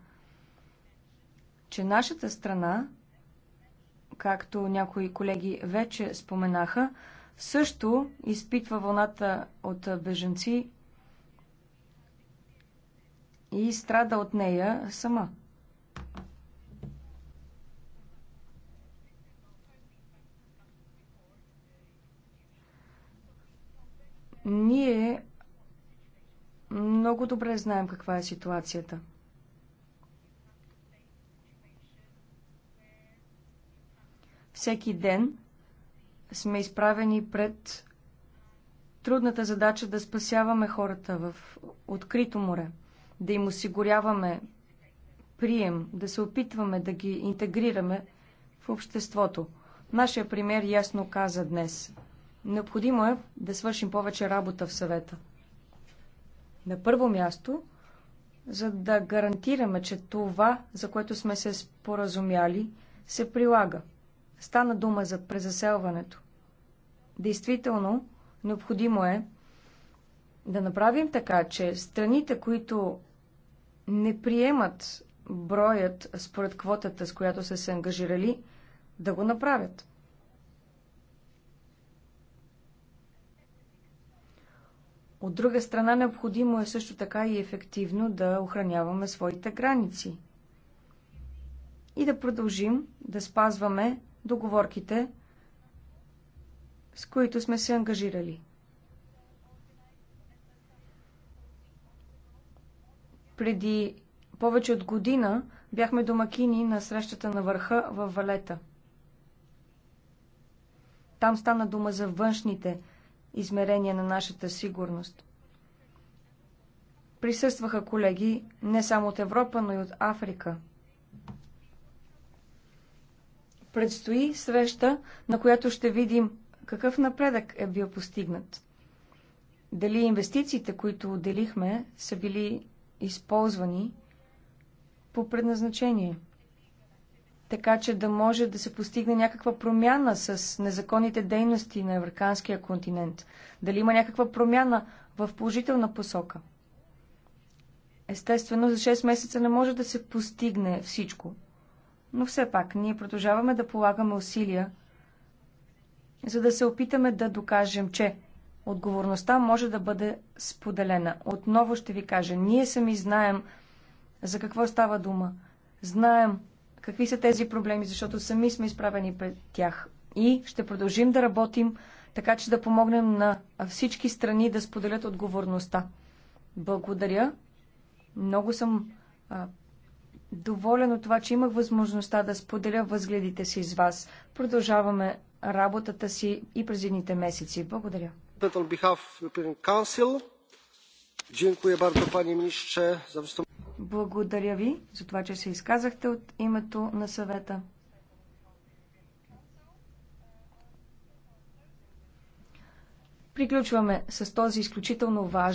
че нашата страна, както някои колеги вече споменаха, също изпитва вълната от бежанци и страда от нея сама. Ние много добре знаем каква е ситуацията. Всеки ден сме изправени пред трудната задача да спасяваме хората в открито море да им осигуряваме прием, да се опитваме да ги интегрираме в обществото. Нашия пример ясно каза днес. Необходимо е да свършим повече работа в съвета. На първо място, за да гарантираме, че това, за което сме се споразумяли, се прилага. Стана дума за презаселването. Действително, необходимо е да направим така, че страните, които не приемат броят според квотата, с която са се ангажирали, да го направят. От друга страна, необходимо е също така и ефективно да охраняваме своите граници и да продължим да спазваме договорките, с които сме се ангажирали. Преди повече от година бяхме домакини на срещата на върха в Валета. Там стана дума за външните измерения на нашата сигурност. Присъстваха колеги не само от Европа, но и от Африка. Предстои среща, на която ще видим какъв напредък е бил постигнат. Дали инвестициите, които отделихме, са били използвани по предназначение, така че да може да се постигне някаква промяна с незаконните дейности на Африканския континент. Дали има някаква промяна в положителна посока? Естествено, за 6 месеца не може да се постигне всичко, но все пак ние продължаваме да полагаме усилия, за да се опитаме да докажем, че отговорността може да бъде споделена. Отново ще ви кажа, ние сами знаем за какво става дума. Знаем какви са тези проблеми, защото сами сме изправени пред тях. И ще продължим да работим така, че да помогнем на всички страни да споделят отговорността. Благодаря. Много съм а, доволен от това, че имах възможността да споделя възгледите си с вас. Продължаваме работата си и през едните месеци. Благодаря on behalf of European Dziękuję bardzo, panie ministrze, за выступление. Благодаря ви за това, че се изказахте от името на съвета. Приключваме с този изключително важен